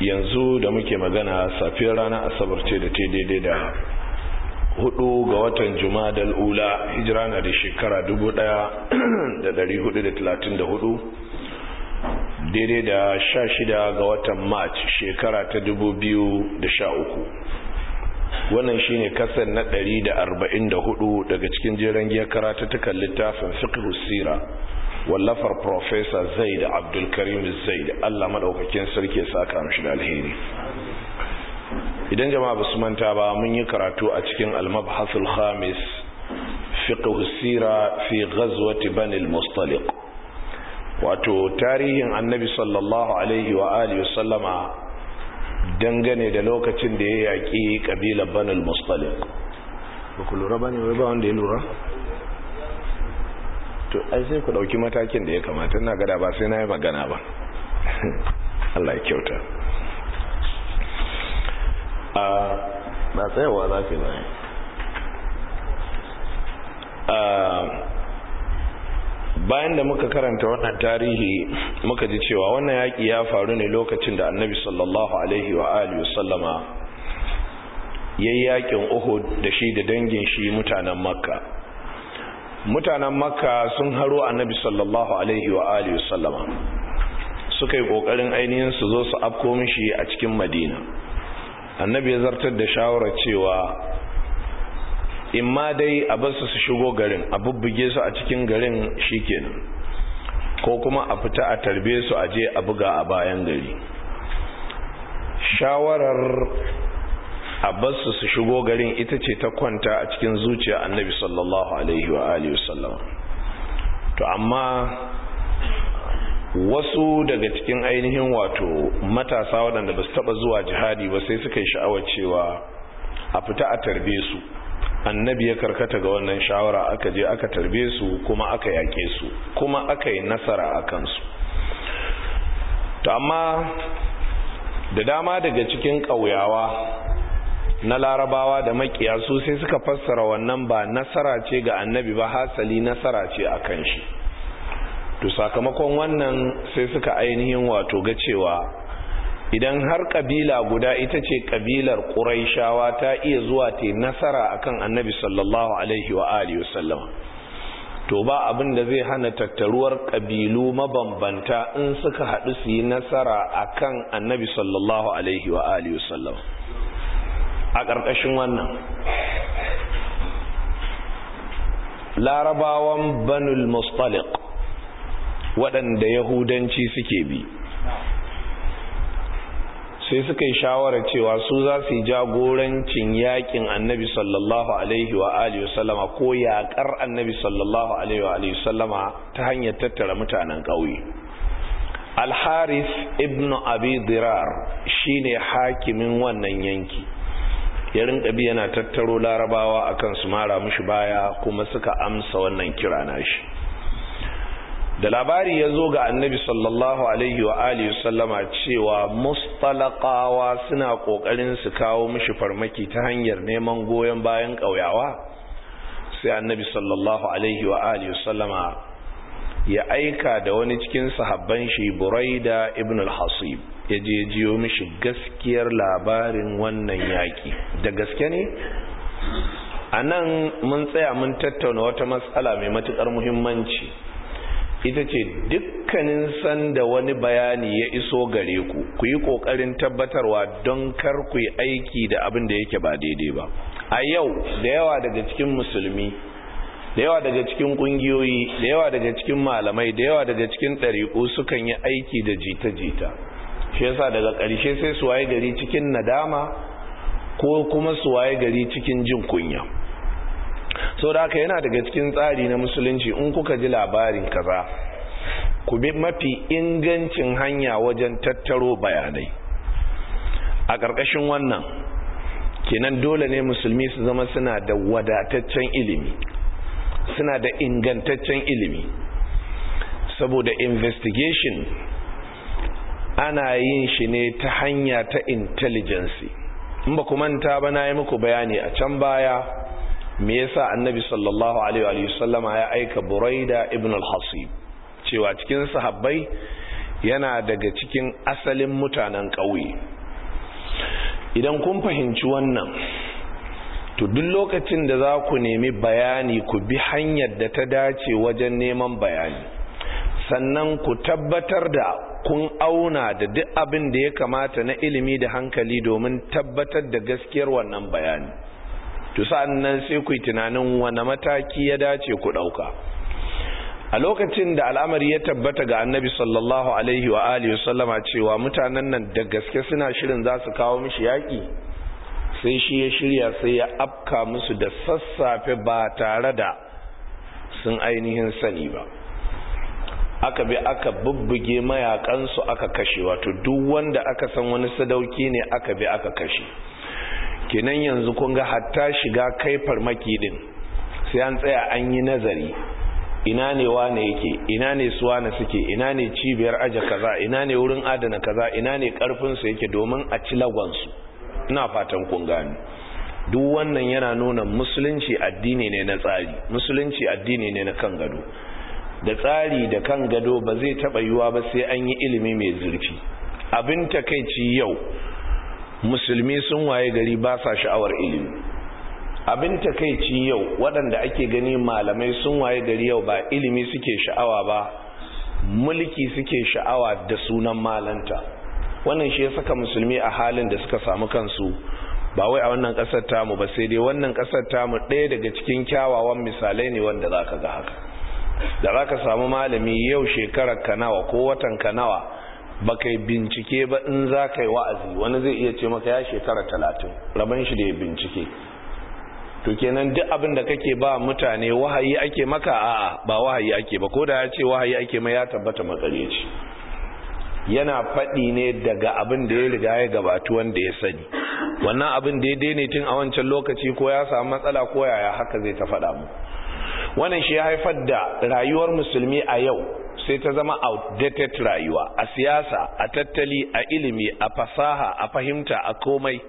yanzu da muke magana safiyar rana asabar ce da ta daidai da hudu ga watan jumadal ula hijira na da shekara 1434 daidai da sha shida ga watan march shekara ta 2013 wannan shi ne kasar na 144 daga cikin jeran giyar karatattukan littafin fiqh sira wallafar zai da abdulkarim zai da allah maɗaukakin sarki ya saka mishi da alheri idan jama'a basu manta ba mun yi karatu a cikin almab mabhasul khamis fiqh sira fi ghazwati bani mustaliq wato tarihin annabi sallallahu alaihi wa alihi sallama dangane da lokacin da ya yaki kabilar Banil mustaliq ba ku lura bane wai ba wanda ya lura to ai sai ku dauki matakin da ya kamata ina gada ba sai na yi magana ba Allah ya kyauta a ba tsayawa za ka yi bayan da muka karanta wannan tarihi muka ji cewa wannan yaƙi ya faru ne lokacin da annabi sallallahu alaihi wa alihi sallama ya yi yaƙin uhud da shi da dangin shi mutanen makka mutanen makka sun haro annabi sallallahu alaihi wa alihi sallama suka yi kokarin ainihin su zo su afko mishi a cikin madina annabi ya zartar da shawara cewa in ma dai a basu su shigo garin a bubbuge su a cikin garin shikenan ko kuma a fita a tarbe su a je a buga a bayan gari shawarar Abbasu su su shigo garin ita ce ta kwanta a cikin zuciya annabi sallallahu alaihi wa alihi wasallam to amma wasu daga cikin ainihin wato matasa waɗanda ba su taɓa zuwa jihadi ba sai suka yi sha'awar cewa a fita a tarbe su annabi ya karkata ga wannan shawara aka je aka tarbe su kuma aka yaƙe su kuma aka yi nasara a kansu to amma da dama daga cikin ƙauyawa na larabawa da makiya su sai suka fassara wannan ba nasara ce ga annabi ba hasali nasara ce a kan shi to sakamakon wannan sai suka ainihin wato ga cewa idan har kabila guda ita ce kabilar ƙuraishawa ta iya zuwa ta nasara akan annabi sallallahu alaihi wa alihi to ba abin da zai hana tattaruwar ƙabilu mabambanta in suka haɗu su yi nasara akan annabi sallallahu alaihi wa alihi wasallam a ƙarƙashin wannan larabawan banul mustalik waɗanda yahudanci suke bi sai suka yi shawarar cewa su za su yi jagorancin yakin annabi sallallahu alaihi wa alihi sallama ko yakar annabi sallallahu alaihi wa alihi sallama ta hanyar tattara mutanen ƙauye alharis ibn abi dirar shine hakimin wannan yanki ya rinka bi yana tattaro larabawa akan su mara mushi baya kuma suka amsa wannan kira nashi da labari ya zo ga annabi sallallahu alaihi wa alihi sallama cewa mustalaqawa suna kokarin su kawo mushi farmaki ta hanyar neman goyon bayan kauyawa sai annabi sallallahu alaihi wa alihi sallama ya aika da wani cikin sahabban shi buraida ibn al-hasib ya je jiyo mishi gaskiyar labarin wannan yaki da gaske ne a nan mun tsaya mun tattauna wata matsala mai matukar muhimmanci ita ce dukkanin sanda wani bayani ya iso gare ku ku yi ƙoƙarin tabbatarwa don kar ku yi aiki da abin da yake ba daidai ba a yau da yawa daga cikin musulmi da yawa daga cikin kungiyoyi da yawa daga cikin malamai da yawa daga cikin ɗariƙo sukan yi aiki da jita-jita shi yasa daga ƙarshe sai su waye gari cikin nadama ko kuma su waye gari cikin jin kunya so da haka yana daga cikin tsari na musulunci in kuka ji labarin kaza ku bi mafi ingancin hanya wajen tattaro bayanai a ƙarƙashin wannan kenan dole ne musulmi su zama suna da wadataccen ilimi suna da ingantaccen ilimi saboda investigation ana yin shi ne ta hanya ta intelligence in ba ku manta ba na yi muku bayani a can baya me yasa annabi sallallahu alaihi wa sallama ya aika buraida ibn al-hasib cewa cikin sahabbai yana daga cikin asalin mutanen ƙauye idan kun fahimci wannan to duk lokacin da za ku nemi bayani ku bi hanyar da ta dace wajen neman bayani sannan ku tabbatar da kun auna da duk abin da ya kamata na ilimi da hankali domin tabbatar da gaskiyar wannan bayani to sannan sai ku yi tunanin wane mataki ya dace ku ɗauka a lokacin da al'amari ya tabbata ga annabi sallallahu alaihi wa alihi sallama cewa mutanen nan da gaske suna shirin za su kawo mishi yaƙi sai shi ya shirya sai ya afka musu da sassafe ba tare da sun ainihin sani ba aka bi aka bubbuge mayakansu aka kashe wato duk wanda aka san wani sadauki ne aka bi aka kashe kenan yanzu kun ga hatta shiga kai farmaki din sai an tsaya an yi nazari ina ne wane yake ina ne su wane suke ina ne cibiyar aje kaza ina ne wurin adana kaza ina ne karfinsu yake domin a ci lagonsu ina fatan kun gani duk wannan yana nuna musulunci addini ne na tsari musulunci addini ne na kan gado da tsari da kan gado ba zai taɓa yiwa ba sai an yi ilimi mai zurfi abin takaici yau musulmi sun waye gari ba sa sha'awar ilimi abin takaici yau waɗanda ake gani malamai sun waye gari yau ba ilimi suke sha'awa ba mulki suke sha'awa da sunan malanta wannan shi ya saka musulmi a halin da suka samu kansu ba wai a wannan ƙasar tamu ba sai dai wannan ƙasar tamu ɗaya daga cikin kyawawan misalai ne wanda za ka ga haka da za ka samu malami yau shekarar kanawa ko watan kanawa ba kai bincike ba in za ka yi wa'azi wani zai iya ce maka ya shekarar talatin raban shi da ya bincike to kenan duk abin da kake ba mutane wahayi ake maka a ba wahayi ake ba ko da ya ce wahayi ake ma ya tabbata ce. yana faɗi ne daga abin da ya riga ya gabatu wanda ya sani wannan abin da ya daina tun a wancan lokaci ko ya samu matsala ko yaya haka zai ta faɗa mu wannan shi ya haifar da rayuwar musulmi a yau sai ta zama outdated rayuwa a siyasa a tattali a ilimi a fasaha a fahimta a komai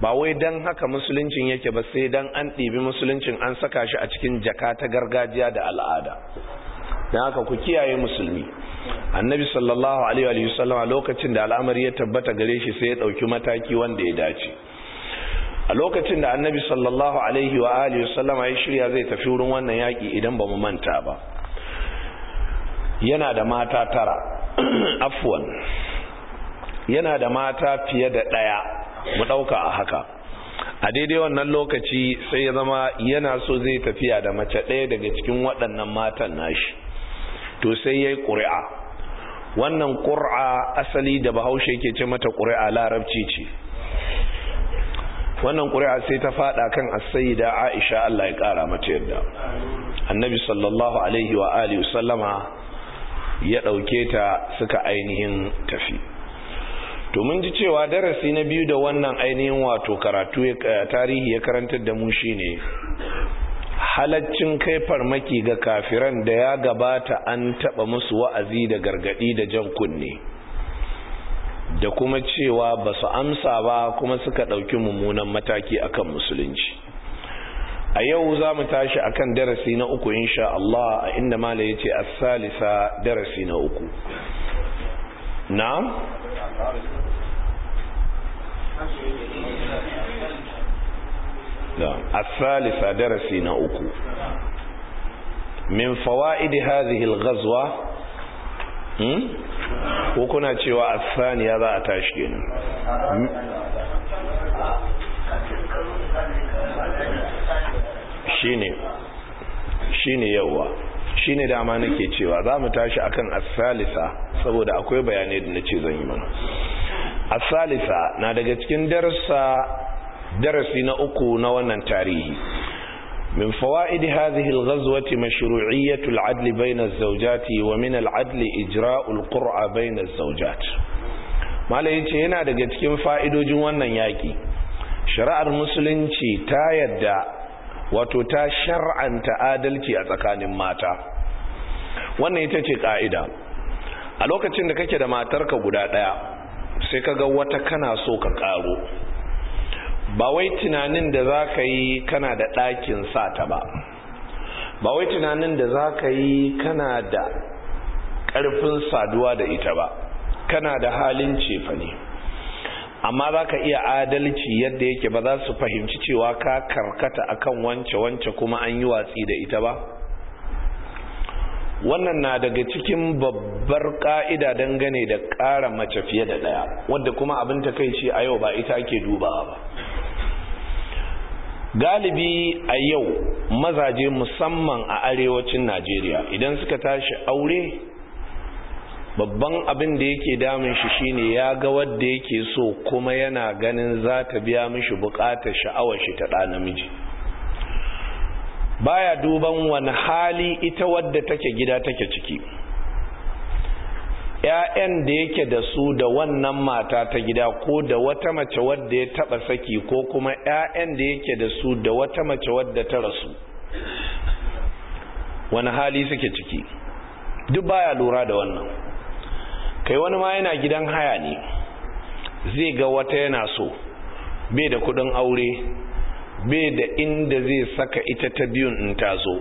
ba wai don haka musuluncin yake ba sai don an ɗibi musuluncin an saka shi a cikin jaka ta gargajiya da al'ada don haka ku kiyaye musulmi annabi sallallahu alaihi wa lokacin da al'amari ya tabbata gare shi sai ya ɗauki mataki wanda ya dace a lokacin da annabi sallallahu alaihi wa alihi wasallama ya shirya zai tafi wurin wannan yaki idan ba mu manta ba yana da mata tara afwan yana da mata fiye da ɗaya mu ɗauka a haka a daidai wannan lokaci sai ya zama yana so zai tafiya da mace ɗaya daga cikin waɗannan matan nashi to sai yayi yi ƙuri'a wannan ƙur'a asali da bahaushe ke ce mata ƙuri'a larabci ce wannan ƙuri'a sai ta faɗa kan as-sayyida Aisha Allah ya ƙara mata yadda annabi sallallahu alaihi wa alihi sallama ya dauke ta suka ainihin tafi to mun ji cewa darasi na biyu da wannan ainihin wato karatu eh, tarihi ya karantar da mu shine halaccin kai farmaki ga kafiran da ya gabata an taba musu wa'azi da gargadi da jan kunne da kuma cewa ba su amsa ba kuma suka ɗauki mummunan mataki akan musulunci a yau za mu tashi kan darasi na uku insha Allah a inda mala ya ce salisa darasi na uku na? A salisa darasi na uku. min fawa'idi hazihil الغزوة Hmm? ko kuna cewa saniya za a tashi hmm? shi ne yauwa yawa ne dama nake cewa za mu tashi akan asalisa saboda akwai bayanai da na ce zan yi mana asalisa na daga cikin darasa darasi na uku na wannan tarihi من فوائد هذه الغزوة مشروعية العدل بين الزوجات ومن العدل إجراء القرعة بين الزوجات ما ليتي هنا دقتكم فائد جوانا ياكي شراء المسلم تا يدى وتتا شرعا تآدلتي أتكان ماتا وانا يتتي قائدا الوقت lokacin كده ما da matarka guda daya sai kaga wata kana ba wai tunanin da za ka yi kana da ɗakin sata ba ba wai tunanin da za ka yi kana da ƙarfin saduwa da ita ba kana da halin cefa ne amma za ka iya adalci yadda yake ba za su fahimci cewa ka karkata akan wance-wance kuma an yi watsi da ita ba wannan na daga cikin babbar ka'ida dangane da ƙara mace fiye da ɗaya wadda kuma abin ta kai ce a yau ba ita ake dubawa ba galibi a yau mazaje musamman a arewacin najeriya idan suka tashi aure babban abin da yake damun shi shine ya ga wadda yake so kuma yana ganin za ta biya mishi buƙatar sha'awar shi ta ɗa namiji baya duban wani hali ita wadda take gida take ciki 'ya'yan da yake da su da wannan mata ta gida ko da wata mace wadda ya taba saki ko kuma 'ya'yan da yake da su da wata mace wadda ta rasu wani hali suke ciki duk baya lura da wannan kai wani ma yana gidan haya ne zai ga wata yana so bai da kudin aure bai da inda zai saka ita ta biyun in ta zo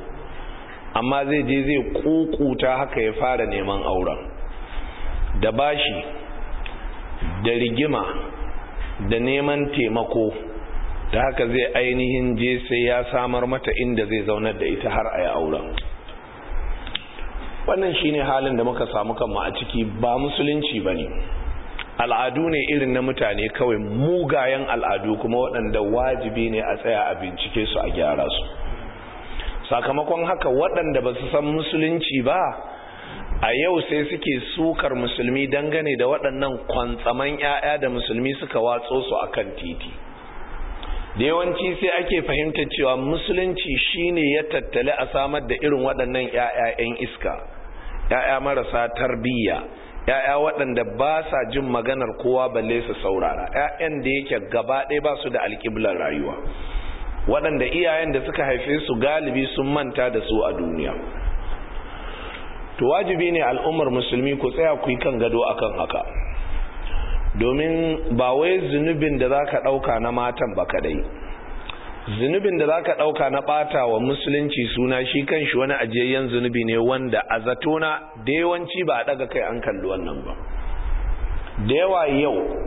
amma zai je zai kukuta haka ya fara neman auren da bashi da rigima da neman taimako ta haka zai ainihin je sai ya samar mata inda zai zaunar da ita har a yi auren wannan shine halin da muka samu kanmu a ciki ba musulunci ba ne al'adu ne irin na mutane kawai mugayen al'adu kuma waɗanda wajibi ne a tsaya a bincike su a gyara su sakamakon haka waɗanda ba su san musulunci ba a yau sai suke sukar musulmi dangane da waɗannan kwantsaman 'ya'ya da musulmi suka watso su a kan titi da yawanci sai ake fahimta cewa musulunci shine ya tattali a samar da irin waɗannan 'ya'ya 'yan iska 'ya'ya marasa tarbiyya ‘ya'ya waɗanda ba sa jin maganar kowa balle su saurara ‘ya'yan da yake gaba ɗaya ba su da alƙiblar rayuwa waɗanda iyayen da suka haife su galibi sun manta da su a duniya to wajibi ne al'ummar musulmi ku tsaya ku yi kan gado akan haka domin ba wai zunubin da zaka ka ɗauka na matan ba kadai zunubin da za ka ɗauka na ɓata wa musulunci suna shi kanshi shi wani ajiyayyen zunubi ne wanda a zatona da yawanci ba a daga kai an kalli wannan ba da yawa yau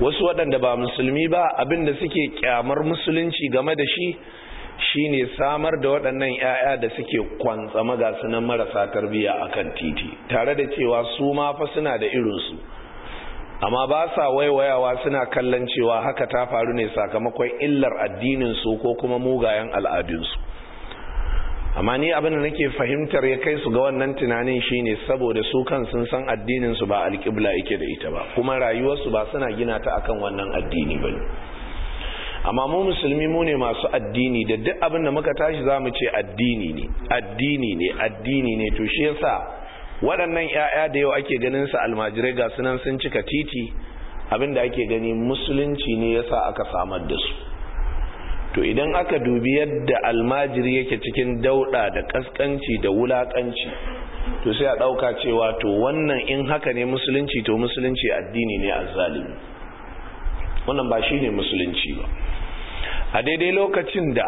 wasu waɗanda ba musulmi ba abinda suke kyamar musulunci game da shi shine samar da waɗannan 'ya'ya da suke kwantsa ga marasa tarbiyya a kan titi tare da cewa su ma fa suna da irinsu amma ba sa waiwayawa suna kallon cewa haka ta faru ne sakamakon illar addininsu ko kuma mugayen al'adunsu amma ni abin da nake fahimtar ya kai su ga wannan tunanin shine saboda su kan sun san addininsu ba alƙibla yake da ita ba kuma rayuwarsu ba suna gina ta akan wannan addini ne amma mu musulmi mu ne masu addini da duk abin da muka tashi za mu ce addini ne addini ne addini ne to shi yasa waɗannan 'ya'ya da yau ake ganin su almajirai ga sunan sun cika titi abin da ake gani musulunci ne yasa aka samar da su to idan aka dubi yadda almajiri yake cikin dauɗa da ƙasƙanci da wulaƙanci to sai a ɗauka cewa to wannan in haka ne musulunci to musulunci addini ne azzalimi wannan ba shi ne musulunci ba a daidai lokacin da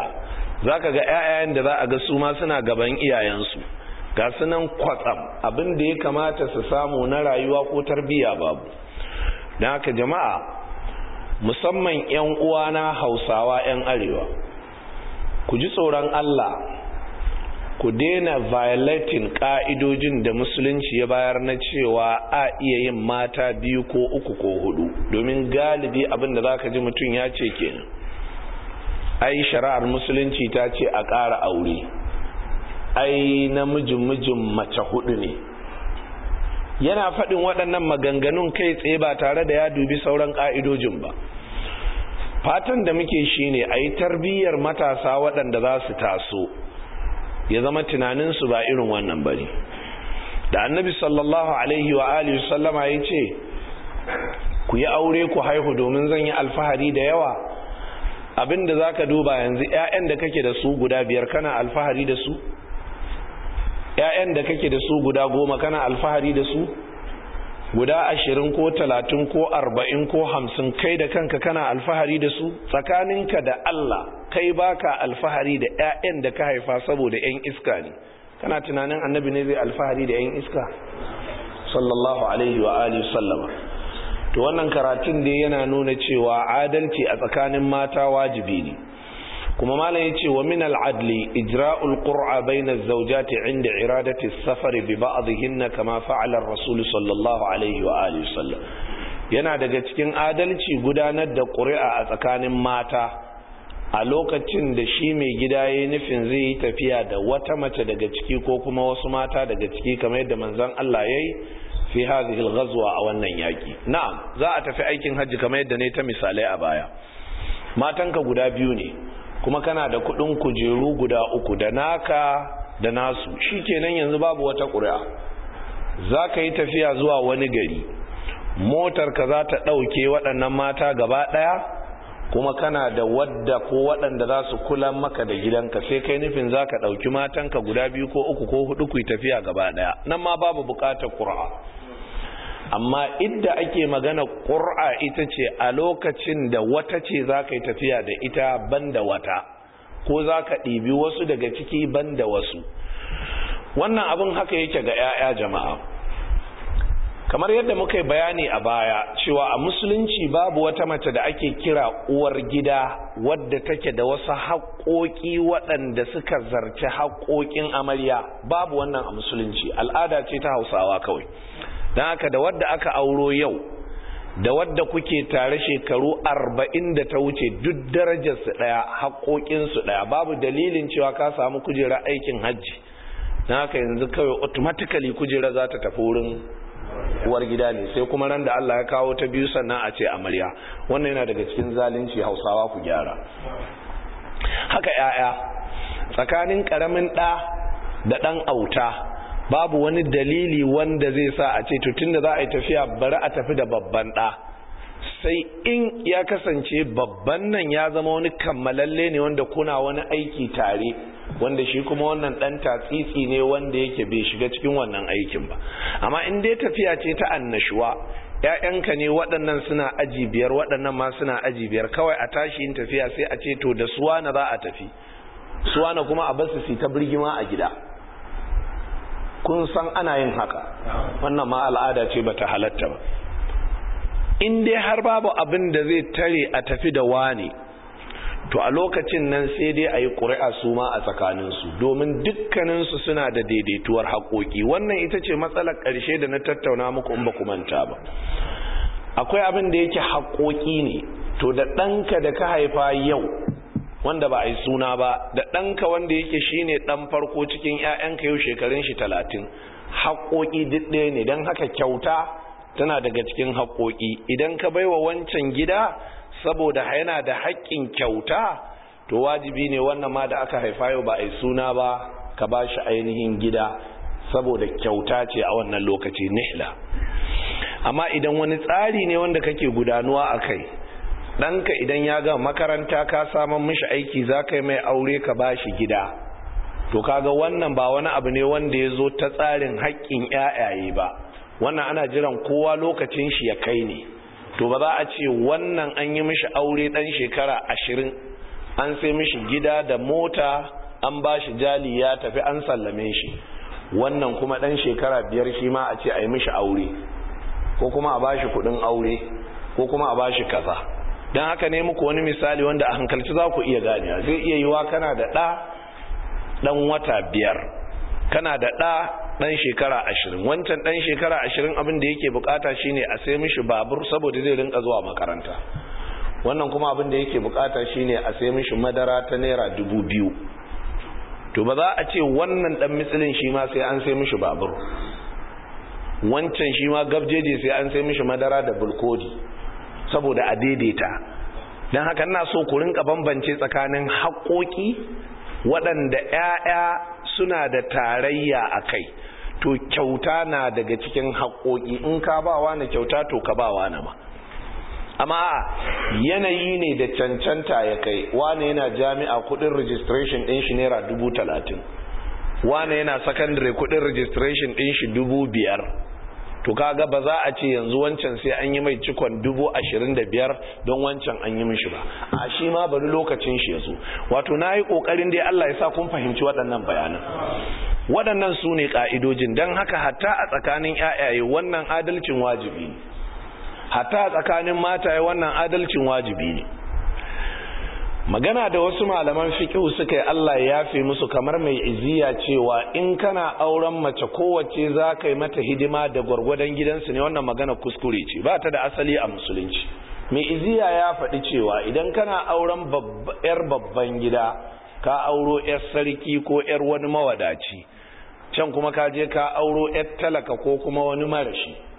za ka ga 'ya'yan da za a ga su ma suna gaban iyayensu ga sunan kwatsam abin da ya kamata su samu na rayuwa ko tarbiyya babu don haka jama'a musamman 'yan uwa na hausawa 'yan arewa ku ji tsoron allah ku daina violating ka'idojin da musulunci ya bayar na cewa a iya yin mata biyu ko uku ko hudu domin galibi abin da za ka ji mutum ya ce kenan ai shari'ar musulunci ta ce a ƙara aure ai namijin mijin mace hudu ne yana faɗin waɗannan maganganun kai tsaye ba tare da ya dubi sauran ƙa'idojin ba fatan da muke shi ne a yi tarbiyyar matasa waɗanda za su taso ya zama tunaninsu ba irin wannan bane da annabi sallallahu alaihi wa alihi sallama ya ce ku yi aure ku haihu domin zan yi alfahari da yawa abin da za ka duba yanzu 'ya'yan da kake da su guda biyar kana alfahari da su 'ya'yan da kake da su guda goma kana alfahari da su guda ashirin ko talatin ko arba'in ko hamsin kai da kanka kana alfahari da su tsakaninka da Allah kai baka alfahari da 'ya'yan da ka haifa saboda 'yan iska ne kana tunanin annabi ne zai alfahari da 'yan iska sallallahu alaihi wa alihi sallama to wannan karatun da yana nuna cewa adalci a tsakanin mata wajibi ne kuma malam yace wa min al-adli ijra'ul qur'a bayna az-zawjati 'inda iradati as-safar bi ba'dihinna kama fa'ala ar sallallahu alaihi wa alihi sallam yana daga cikin adalci gudanar da ƙuri'a a tsakanin mata a lokacin da shi mai gida yayin nufin zai yi tafiya da wata mace daga ciki ko kuma wasu mata daga ciki kamar yadda manzon Allah yayi fi hadhihi al-ghazwa a wannan yaki na'am za a tafi aikin hajji kamar yadda ne ta misalai a baya matanka guda biyu ne kuma kana da kudin kujeru guda uku da naka da nasu shikenan yanzu babu wata ƙuri'a za ka yi tafiya zuwa wani gari motar ka za ta ɗauke waɗannan mata gaba ɗaya kuma kana da wadda ko waɗanda za su kula maka da gidanka sai kai nufin za ka ɗauki matanka guda biyu ko uku ko hudu ku yi tafiya gaba ɗaya nan ma babu buƙatar ƙura amma idda ake magana ƙura ita ce a lokacin da wata ce za ka yi tafiya da ita ban da wata ko za ka ɗibi wasu daga ciki ban da wasu wannan abin haka yake ga 'ya'ya jama'a kamar yadda muka yi bayani a baya cewa a musulunci babu wata mace da ake kira uwar gida wadda take da wasu haƙoƙi waɗanda suka zarce haƙoƙin amarya babu wannan a musulunci al'ada ce ta hausawa kawai don haka da wadda aka auro yau da wadda kuke tare shekaru arba'in da ta wuce duk darajar su ɗaya haƙoƙinsu ɗaya babu dalilin cewa ka samu kujerar aikin hajji na haka yanzu kawai automatically kujera za ta tafi wurin uwar gida ne sai kuma ran da Allah ya kawo ta biyu sannan a ce amarya wannan yana daga cikin zalunci hausawa ku gyara haka yaya tsakanin karamin ɗa da ɗan auta babu wani dalili wanda zai sa a ce to tunda za a yi tafiya bari a tafi da babban ɗa sai in ya kasance babban nan ya zama wani kammalalle ne wanda kuna wani aiki tare wanda shi kuma wannan dan tatsitsi ne wanda yake bai shiga cikin wannan aikin ba amma in dai tafiya ce ta annashuwa ‘ya'yanka ne waɗannan suna aji biyar waɗannan ma suna aji biyar kawai a tashi in tafiya sai a ce to da suwana za a tafi suwana kuma a basu su ta birgima a gida kun san ana yin haka wannan ma al'ada ce bata halatta ba in dai har babu abin da zai tare a tafi da wani to a lokacin nan sai dai a yi ƙuri'a su ma a tsakaninsu domin dukkaninsu suna da daidaituwar haƙoƙi wannan ita ce matsalar ƙarshe da na tattauna muku in ba ku manta ba akwai abin da yake haƙoƙi ne to da ɗanka da ka haifa yau wanda ba a yi suna ba da ɗanka wanda yake ne ɗan farko cikin 'ya'yanka yau shekarun shi talatin haƙoƙi duk ɗaya ne don haka kyauta tana daga cikin haƙoƙi idan ka baiwa wancan gida saboda yana da haƙƙin kyauta to wajibi ne wannan ma da aka haifa yau ba a yi suna ba ka ba shi ainihin gida saboda kyauta ce a wannan lokaci nihla amma idan wani tsari ne wanda kake gudanuwa a kai ɗanka idan ya ga makaranta ka saman mishi aiki za ka yi mai aure ka ba shi gida to kaga wannan ba wani abu ne wanda ya zo ta tsarin haƙƙin 'ya'yaye ba wannan ana jiran kowa lokacin shi ya kai ne to ba za a ce wannan an yi mishi aure dan shekara ashirin an sai mishi gida da mota an ba shi jali ya tafi an sallame shi wannan kuma dan shekara biyar shi ma a ce a yi mishi aure ko kuma a ba shi kudin aure ko kuma a ba shi kaza don haka ne muku wani misali wanda a hankalci za ku iya ganewa zai iya yiwa kana da ɗa ɗan wata biyar kana da ɗa ɗan shekara ashirin wancan ɗan shekara ashirin abin da yake bukata shine a sai mishi babur saboda zai rinka zuwa makaranta wannan kuma abin da yake bukata shine a sai mishi madara ta naira dubu biyu to ba za a ce wannan ɗan mitsilin shi ma sai an sai mishi babur wancan shi ma gabjeje sai an sai mishi madara da bulkodi saboda a daidaita don haka na so ku rinka bambance tsakanin haƙoƙi waɗanda 'ya'ya suna da tarayya a kai to kyauta na daga cikin haƙoƙi in ka ba wani kyauta to ka ba wani ba. amma yanayi ne da cancanta ya kai wane yana jami'a kudin registration din shi naira dubu talatin wane yana secondary kudin registration ɗin shi dubu biyar to kaga ba za a ce yanzu wancan sai an yi mai cikon dubu ashirin da biyar don wancan an yi mishi ba a shi ma bari lokacin shi ya wato na yi ƙoƙarin dai Allah ya sa kun fahimci waɗannan bayanan waɗannan su ne ƙa'idojin don haka hatta a tsakanin ‘ya'yaye wannan adalcin wajibi ne hatta a tsakanin mataye wannan adalcin wajibi ne magana da wasu malaman fikihu suka yi Allah ya yafe musu kamar mai iziya cewa in kana auren mace kowace za ka yi mata hidima da gwargwadon gidansu ne wannan magana kuskure ce ba ta da asali a musulunci mai iziya ya faɗi cewa idan kana auren 'yar babban gida ka auro 'yar sarki ko 'yar wani mawadaci can kuma ka je ka auro 'yar talaka ko kuma wani marashi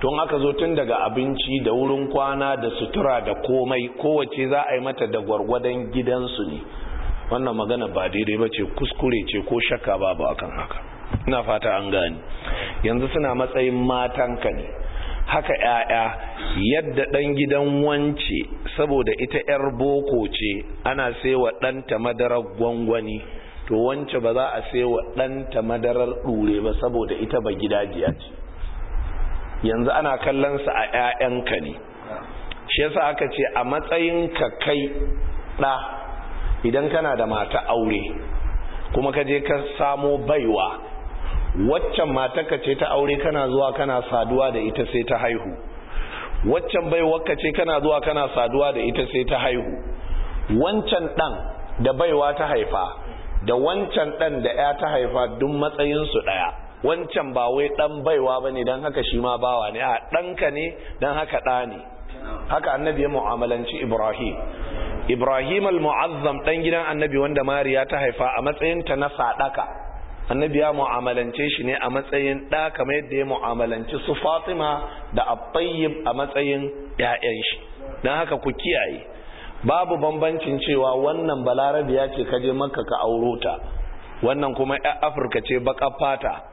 tun aka zo tun daga abinci da wurin kwana da sutura da komai kowace za a yi mata da gwargwadon gidansu ne wannan magana ba daidai ba ce kuskure ce ko shakka babu akan haka ina fata an gani yanzu suna matsayin matanka ne haka ‘ya'ya yadda ɗan gidan wance saboda ita ‘yar boko ce ana wa ɗanta madarar gwangwani to wance ba za a wa ɗanta madarar ɗure ba saboda ita ba gidajiya ce yanzu ana kallon sa a ƴaƴanka ne shi yasa aka ce a matsayin ka kai ɗa idan kana da mata aure kuma ka je ka samo baiwa waccan mata ka ce ta aure kana zuwa kana saduwa da ita sai ta haihu waccan ka ce kana zuwa kana saduwa da ita sai ta haihu wancan dan da baiwa ta haifa da wancan dan da ya ta haifa duk su ɗaya wancan ba wai dan baiwa bane dan haka shi ma bawa ne a danka ne dan haka da ne haka annabi ya mu'amalanci Ibrahim Ibrahim al-mu'azzam dan gidan annabi wanda Mariya ta haifa a matsayin ta na sadaka annabi ya mu'amalance shi ne a matsayin da kamar yadda ya mu'amalanci su Fatima da Abbayyib a matsayin ya'yan shi dan haka ku kiyaye babu bambancin cewa wannan balarabiya ce kaje makka ka auro ta wannan kuma 'yan afirka ce baka fata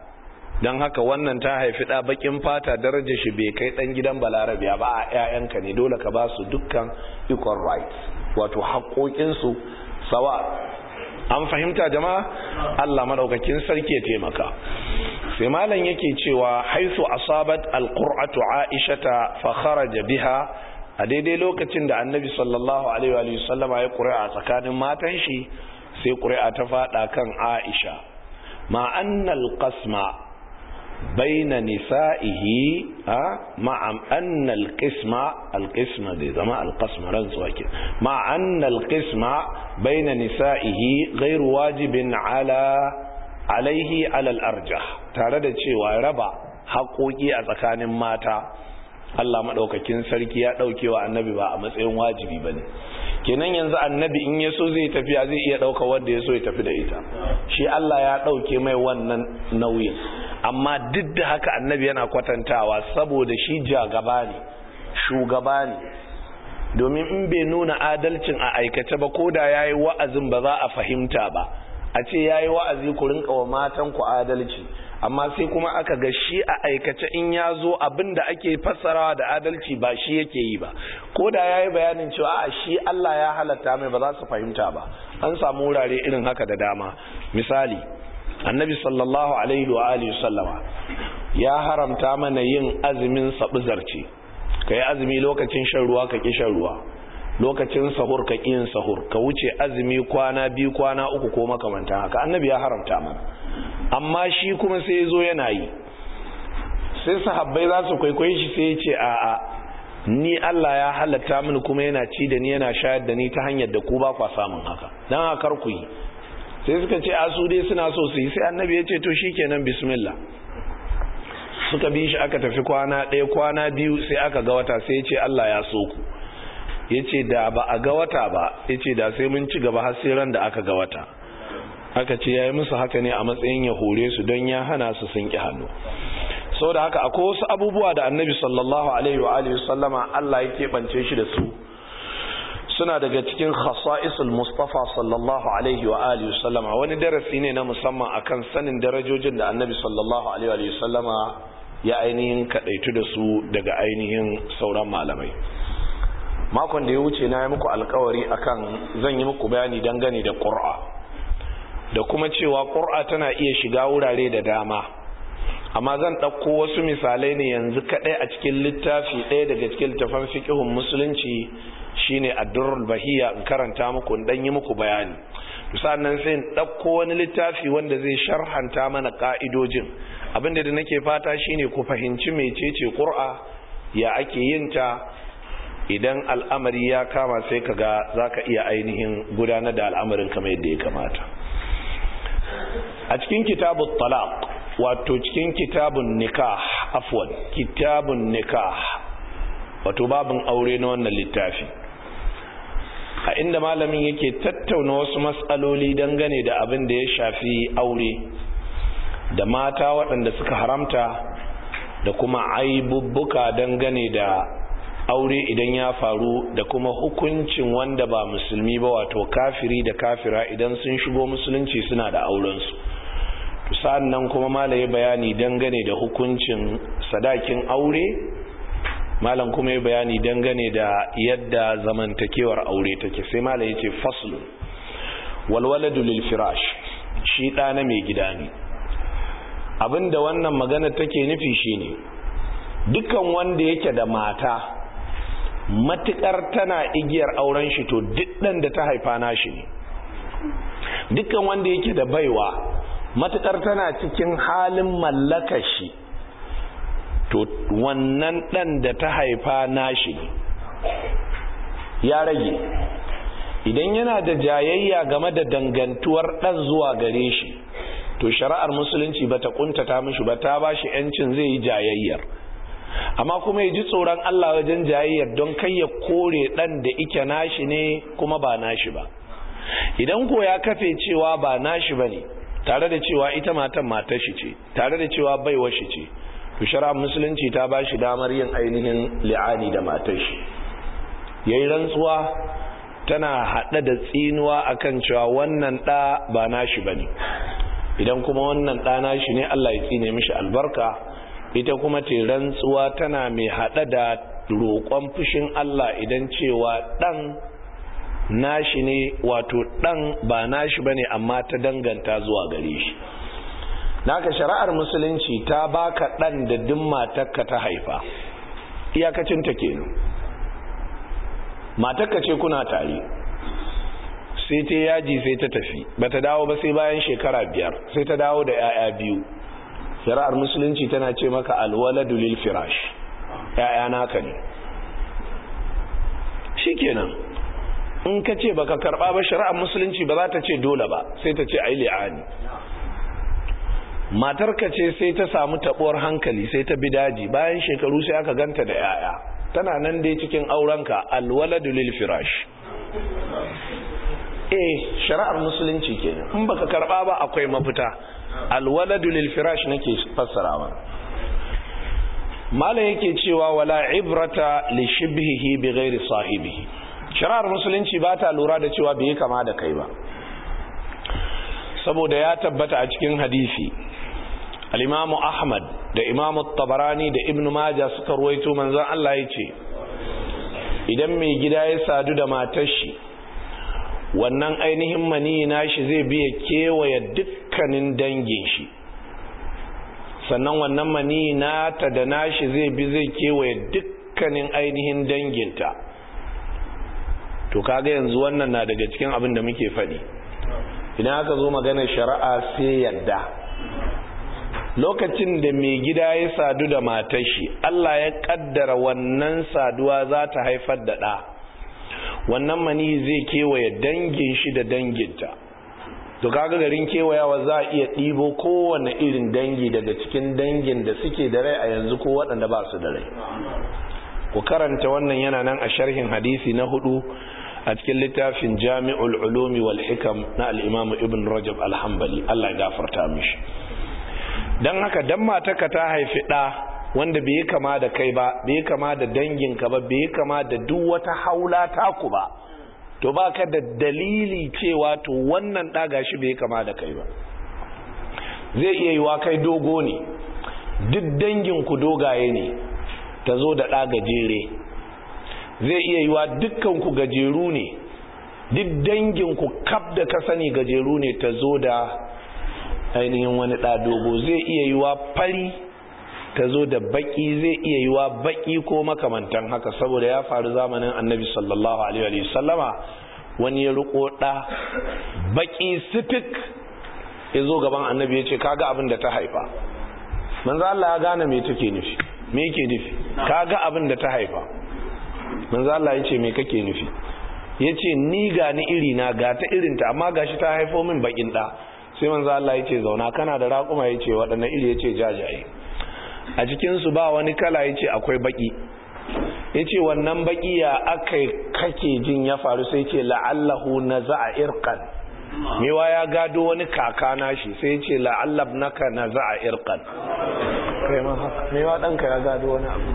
don haka wannan ta haifi ɗa bakin fata daraja shi bai kai ɗan gidan a ba a ƴaƴanka ne dole ka ba su dukkan equal rights wato su sawa an fahimta jama'a Allah madaukakin sarki ya taimaka sai malam yake cewa haisu asabat alqur'atu aishata fa kharaja biha a daidai lokacin da annabi sallallahu alaihi wa sallama ya ƙuri'a tsakanin matan shi sai ƙuri'a ta faɗa kan aisha ma annal qasma baina nisa'ihi مع أن القسمة القسمة دي زماء zama alqasma rantsuwa ke ma anna alqisma baina nisa'ihi gairu wajibin ala alaihi ala alarjah tare da cewa raba haƙoƙi a tsakanin mata Allah maɗaukakin sarki ya daukewa annabi ba a matsayin wajibi bane kenan yanzu annabi in yaso zai tafiya zai iya ɗauka wanda ya so ya tafi da ita shi Allah ya ɗauke mai wannan nauyin amma duk da haka annabi yana kwatantawa saboda shi jagaba ne shugaba ne domin in bai nuna adalcin a aikace ba ko da ya yi wa'azin ba za a fahimta ba a ce ya yi wa'azi ku rinka wa matan ku adalci amma sai kuma aka ga shi a aikace in ya zo abin da ake fassarawa da adalci ba shi yake yi ba ko da ya yi bayanin cewa a shi Allah ya halatta mai ba za su fahimta ba an samu wurare irin haka da dama misali annabi sallallahu alaihi wa alihi sallama ya haramta mana yin azumin Ka yi azumi lokacin shan ruwa ka ki shan ruwa lokacin sahur ka ki yin sahur ka wuce azumi kwana biyu kwana uku ko makamanta haka annabi ya haramta mana amma shi kuma sai zo yana yi sai sahabbai za su kwaikwaye shi sai ya ce a'a ni Allah ya halatta mini kuma yana ci da ni yana shayar da ni ta hanyar da ku ba kwa samun haka dan haka ku yi sai suka ce asu dai suna so su yi sai annabi ya ce to shi kenan bismillah suka bi shi aka tafi kwana ɗaya kwana biyu sai aka ga wata sai ya ce Allah ya so ku ya ce da ba a ga wata ba ya ce da sai mun ci gaba har ran da aka ga wata aka ce ya yi musu haka ne a matsayin ya hore su don ya hana su sun ƙi hannu sau da haka akwai wasu abubuwa da annabi sallallahu alaihi wa sallama Allah ya keɓance shi da su suna daga cikin khasa'isul mustafa sallallahu alaihi wa alihi sallama wani darasi ne na musamman akan sanin darajojin da annabi sallallahu alaihi wa sallama ya ainihin kadaitu da su daga ainihin sauran malamai makon da ya wuce na yi muku alkawari akan zan yi muku bayani dangane da qur'a da kuma cewa qur'a tana iya shiga wurare da dama amma zan ɗauko wasu misalai ne yanzu kaɗai a cikin littafi ɗaya daga cikin littafan fiƙihun musulunci shine ad bahiya in karanta muku in danyi muku bayani to sannan sai in dauko wani littafi wanda zai sharhanta mana ka'idojin abin da nake fata shine ku fahimci mecece qur'a ya ake yin ta idan al'amari ya kama sai kaga zaka iya ainihin gudanar da al'amarin kamar yadda ya kamata a cikin kitabut talaq wato cikin kitabun nikah afwan kitabun nikah wato babin aure na wannan littafi a inda malamin yake tattauna wasu matsaloli dangane da abin da ya shafi aure da mata waɗanda suka haramta da kuma aibubbuka dangane da aure idan ya faru da kuma hukuncin wanda ba musulmi ba wato kafiri da kafira idan sun shigo musulunci suna da aurensu sa'an nan kuma malaye bayani dangane da hukuncin sadakin aure malam kuma ya bayani dangane da yadda zamantakewar aure take sai malam yace faslun walwaladu lil firash shi da na mai gida ne abinda wannan magana take nufi shine dukan wanda yake da mata matukar tana igiyar auren shi to duk dan da ta haifa na shi ne dukan wanda yake da baiwa matukar tana cikin halin mallakar shi to wannan ɗan da ta haifa nashi ya rage idan yana da jayayya game da dangantuwar ɗan zuwa gare shi to shari'ar musulunci ba ta kuntata mishi ba ta ba shi 'yancin zai yi jayayyar amma kuma ya ji tsoron Allah wajen jayayyar don kai ya kore ɗan da ike nashi ne kuma ba nashi ba idan ko ya kafe cewa ba nashi ba ne tare da cewa ita matan matar ce tare da cewa baiwa shi ce to shara musulunci ta ba shi damar yin ainihin li'ani da matar shi yayi rantsuwa tana haɗa da tsinuwa akan cewa wannan ɗa ba nashi ne. idan kuma wannan ɗa nashi ne Allah ya tsine mishi albarka ita kuma ce rantsuwa tana mai haɗa da roƙon fushin Allah idan cewa ɗan nashi ne wato ɗan ba nashi ne amma ta danganta zuwa gare shi naka shari'ar musulunci ta ba ka ɗan da duk matarka ta haifa iyakacin ta kenan matarka ce kuna tare sai ta yaji sai ta tafi bata dawo ba sai bayan shekara biyar sai ta dawo da 'ya'ya biyu shari'ar musulunci tana ce maka alwaladu lil firash 'ya'ya naka ne shikenan in ka ce baka karba ba shari'ar musulunci ba za ta ce dole ba sai ta ce ai li'ani Matar ka ce sai ta samu tabuwar hankali sai ta bi daji bayan shekaru sai aka ganta da yaya tana nan dai cikin aurenka alwaladu lil firash eh shari'ar musulunci nan, in baka karba ba akwai mafita alwaladu lil firash nake fassara ba. malam yake cewa wala ibrata li shibhihi bi ghairi sahibihi shari'ar musulunci ba ta lura da cewa bai kama da kai ba saboda ya tabbata a cikin hadisi Alimamu ahmad da imamu tabarani da ibnu maja suka ruwaito manzon Allah ya ce idan mai gida ya sadu da matar shi wannan ainihin mani nashi zai biya kewaye dukkanin dangin shi sannan wannan mani nata da nashi zai bi zai kewaye dukkanin ainihin danginta to kaga yanzu wannan na daga cikin abin da muke faɗi idan aka zo magana shari'a sai yadda lokacin da mai gida ya sadu da matar shi Allah ya kaddara wannan saduwa za ta haifar da ɗa wannan mani zai kewaye dangin shi da danginta to kaga garin kewayawa za a iya ɗibo kowane irin dangi daga cikin dangin da suke da rai a yanzu ko waɗanda ba su da rai ku karanta wannan yana nan a sharhin hadisi na hudu a cikin littafin jami'ul ulumi wal hikam na al-imam ibn rajab alhambali. Allah ya gafarta mishi don haka dan matarka ta haifi ɗa wanda bai kama da kai ba bai kama da danginka ba bai kama da duk wata haula taku ba to ba ka da dalili cewa to wannan ɗa gashi bai kama da kai ba zai iya yiwa kai dogo ne duk danginku dogaye ne ta zo da ɗa gajere zai iya yiwa dukkanku gajeru ne duk danginku kaf da ka sani gajeru ne ta zo da ainihin wani ɗa dogo zai iya yiwa fari ta zo da baki zai iya yiwa baki ko makamantan haka saboda ya faru zamanin annabi sallallahu alaihi sallama, wani ya riko ɗa baki sitik ya zo gaban annabi ya ce kaga abin da ta haifa manzo Allah ya gane me take nufi me yake nufi kaga abin da ta haifa manzo Allah ya ce me kake nufi yace ni ga ni iri na ga ta irinta amma gashi ta haifo min bakin da sai manzo Allah yace zauna kana da raƙuma yace waɗanne iri yace jajaye a cikin su ba wani kala yace akwai baki yace wannan baki ya akai kake jin ya faru sai yace la'allahu naza'a irqan mewa ya gado wani kaka nashi sai yace la'allab naka naza'a irqan kai ma haka mewa danka ya gado wani abu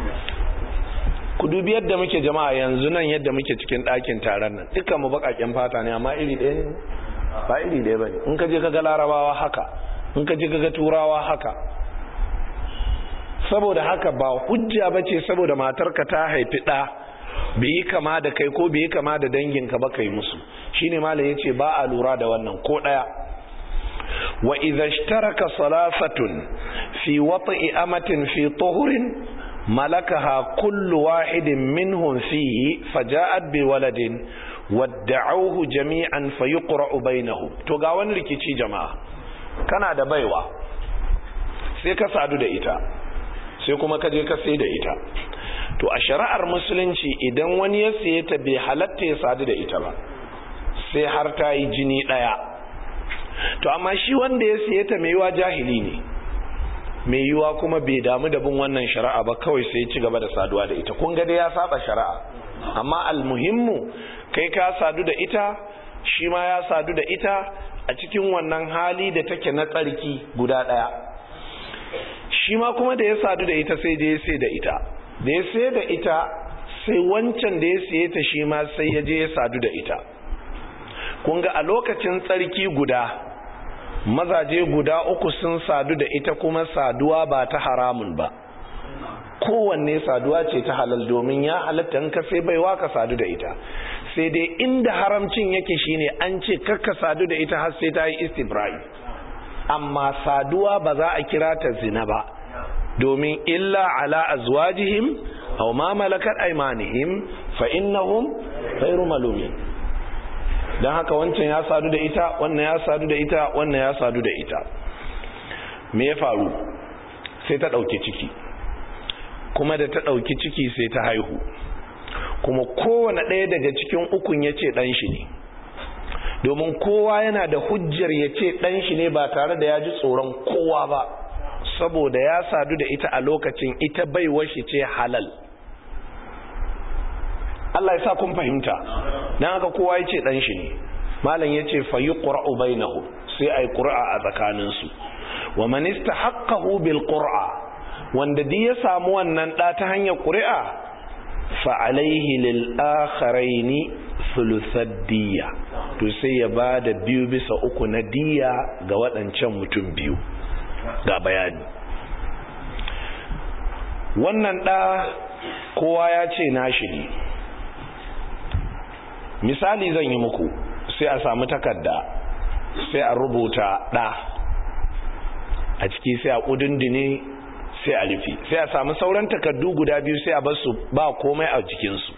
ku dubi yadda muke jama'a yanzu nan yadda muke cikin ɗakin taron nan dukkan mu baƙaƙen fata ne amma iri ɗaya ne ba iri ɗaya bane in ka je ga larabawa haka in ka je kaga turawa haka saboda haka ba hujja bace saboda matarka ta haifi ɗa bi kama da kai ko bi kama da danginka ba kai musu shine malam ce ba a lura da wannan ko ɗaya wa idza ishtaraka salasatun fi wata'i amatin fi tuhurin malakaha kullu wahidin minhum fihi faja'at bi waladin wadda'auhu jami'an fayuqra'u bainahu to ga wani rikici jama'a kana da baiwa sai ka sadu da ita sai kuma ka je ka sai da ita to a shari'ar musulunci idan wani ya saye ta bai halatta ya sadu da ita ba sai har ta yi jini daya to amma shi wanda ya saye ta mai yiwa jahili ne mai yiwa kuma bai damu da bin wannan shari'a ba kawai sai ci gaba da saduwa da ita kun ga dai ya saba shari'a amma almuhimmu kai ka sadu da ita shi ma ya sadu da ita a cikin wannan hali da take na tsarki guda ɗaya shi ma kuma da ya sadu da ita sai da ya sai da ita da ya sai da ita sai wancan da ya siye ta shi ma sai ya je ya sadu da ita kun ga a lokacin tsarki guda mazaje guda uku sun sadu da ita kuma saduwa ba ta haramun ba kowanne saduwa ce ta halal domin ya halatta in ka sai baiwa ka sadu da ita sai dai inda haramcin yake shine an ce kakka sadu da ita har sai ta yi istibra'i amma saduwa ba za a kira ta zina ba domin illa ala azwajihim aw ma malakat aymanihim fa innahum ghayru malumin dan haka wancan ya sadu da ita wannan ya sadu da ita wannan ya sadu da ita me ya faru sai ta dauke ciki kuma da ta ɗauki ciki sai ta haihu kuma kowane ɗaya daga cikin ukun ya ce ɗan shi ne domin kowa yana da hujjar ya ce ɗan shi ne ba tare da ya ji tsoron kowa ba saboda ya sadu da ita a lokacin ita bai washe ce halal Allah ya sa kun fahimta don haka kowa ya ce ɗan shi ne malam ya ce fayi ƙura'u bainahu sai a yi ƙura'a a tsakaninsu wa manista haƙƙahu bil ƙura'a wanda di ya samu wannan ɗa ta hanyar ƙuri'a fa'alaihi lil'akharaini thuluthad diya to sai ya ba da biyu bisa uku na diya ga waɗancan mutum biyu ga bayani wannan ɗa kowa ya ce nashi ne misali zan yi muku sai a samu takarda sai a rubuta ɗa a ciki sai a ƙudundune sai a rufe sai a samu sauran takardu guda biyu sai a bar su ba komai a jikinsu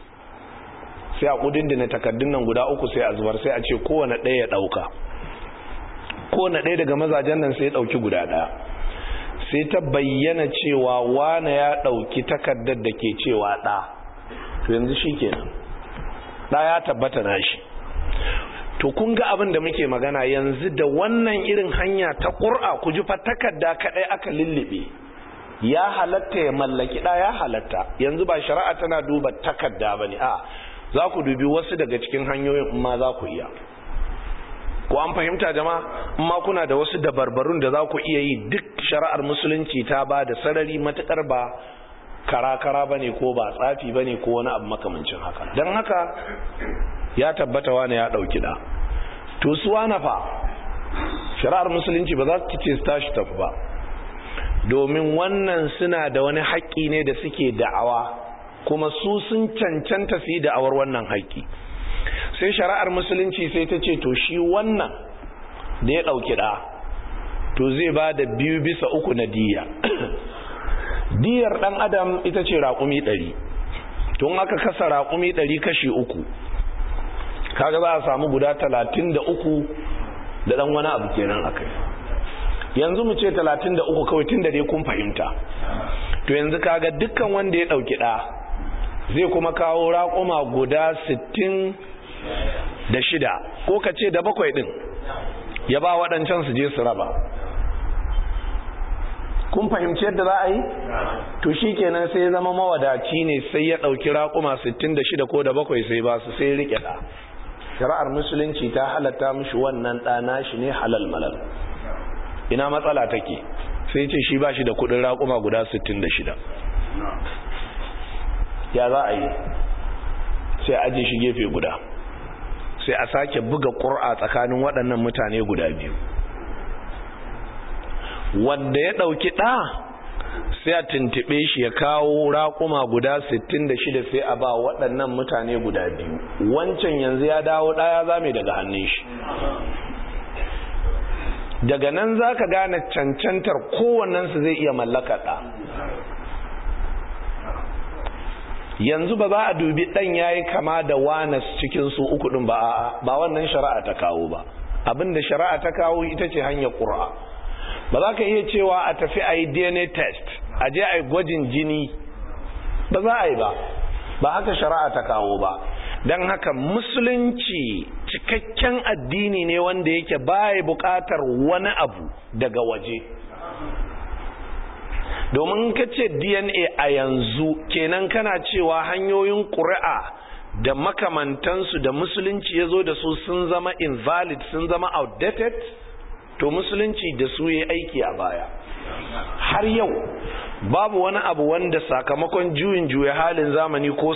sai a kudindina takardun nan guda uku sai a zubar sai a ce kowane ɗaya ya ɗauka kowane ɗaya daga mazajen nan sai ya ɗauki guda ɗaya sai ta bayyana cewa wane ya ɗauki takardar da ke cewa ɗa yanzu shi kenan ɗa ya tabbata na shi to kun ga abin da muke magana yanzu da wannan irin hanya ta ƙura ku ji takarda kaɗai aka lullube ya halatta ya mallaki ɗa ya halatta yanzu ba shari'a tana duba takarda ba ne a za ku dubi wasu daga cikin hanyoyin ma za ku iya ko an fahimta jama'a amma kuna da wasu dabarbarun da za ku iya yi duk shari'ar musulunci ta ba da sarari matukar ba karakara ba ne ko ba tsafi ba ne ko wani abu makamancin haka don haka ya tabbata wani ya ɗauki da to su wani fa shari'ar musulunci ba za ta ce su tashi tafi ba domin wannan suna da wani haƙƙi ne da suke da'awa kuma su sun cancanta su yi da'awar wannan haƙƙi sai shari'ar musulunci sai ta ce to shi wannan da ya ɗauki ɗa to zai ba da biyu bisa uku na diya diyar ɗan adam ita ce raƙumi ɗari tun aka kasa raƙumi ɗari kashi uku kaga za a samu guda talatin da uku da ɗan wani abu kenan a kai yanzu mu ce 33 kawai tun da dai kun fahimta to yanzu kaga dukkan wanda ya dauki da zai kuma kawo raƙuma guda 60 da shida ko ka ce da bakwai din ya ba waɗancan su je su raba kun fahimci yadda za a yi to shi kenan sai zama mawadaci ne sai ya ɗauki raƙuma 66 ko da bakwai sai ba su sai riƙe ɗa shari'ar musulunci ta halatta mushi wannan ɗana shi ne halal malal ina matsala take sai ce shi ba shi da kudin raƙuma guda 66 ya za a yi sai aje shi gefe guda sai a sake buga ƙura tsakanin waɗannan mutane guda biyu wanda ya ɗauki ɗa sai a tuntube shi ya kawo raƙuma guda 66 sai a ba waɗannan mutane guda biyu wancan yanzu ya dawo ɗaya zame daga hannun shi daga nan za ka gane cancantar kowannensu zai iya mallaka ɗa yanzu ba za a dubi ɗan ya yi kama da wanas cikin su uku ɗin ba ba wannan shari'a ta kawo ba abinda shari'a ta kawo ita ce hanyar ƙura ba za ka iya cewa a tafi a yi dna test a je a yi gwajin jini ba za a yi ba ba haka shari'a ta kawo ba don haka musulunci cikakken addini ne wanda yake baya bukatar wani abu daga waje domin ka ce dna a yanzu kenan kana cewa hanyoyin ƙuri'a da makamantansu da musulunci ya zo da su sun zama invalid sun zama outdated to musulunci da su yi aiki a baya har yau babu wani abu wanda sakamakon juyin juya halin zamani ko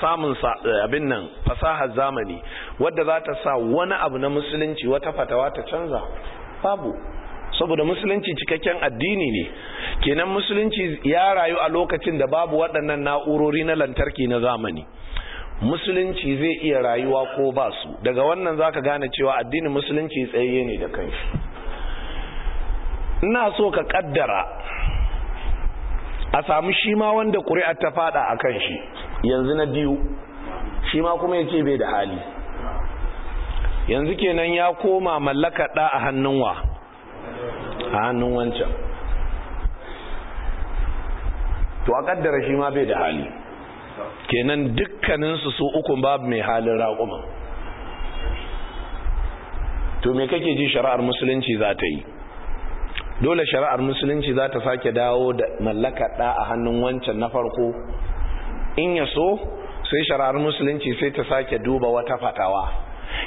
samun eh, abin nan fasahar zamani wadda za ta sa wani abu na musulunci wata fatawa ta canza babu saboda musulunci cikakken addini ne kenan musulunci ya rayu a lokacin da babu waɗannan na'urori na lantarki na zamani musulunci zai iya rayuwa ko ba su daga wannan za ka gane cewa addinin musulunci tsayayye ne da kanshi ina so ka ƙaddara. a samu shi ma wanda ƙuri'ar ta fada a kan shi yanzu na biyu shi ma kuma ya ce bai da hali yanzu kenan ya koma mallaka ɗa a hannun wa a hannun wancan to a ƙaddara shi ma bai da hali kenan dukkaninsu su ukun babu mai halin raƙuma to me kake ji shari'ar musulunci za ta yi dole shari'ar musulunci za ta sake dawo da mallaka ɗa a hannun wancan na farko in ya so sai shari'ar musulunci sai ta sake duba wata fatawa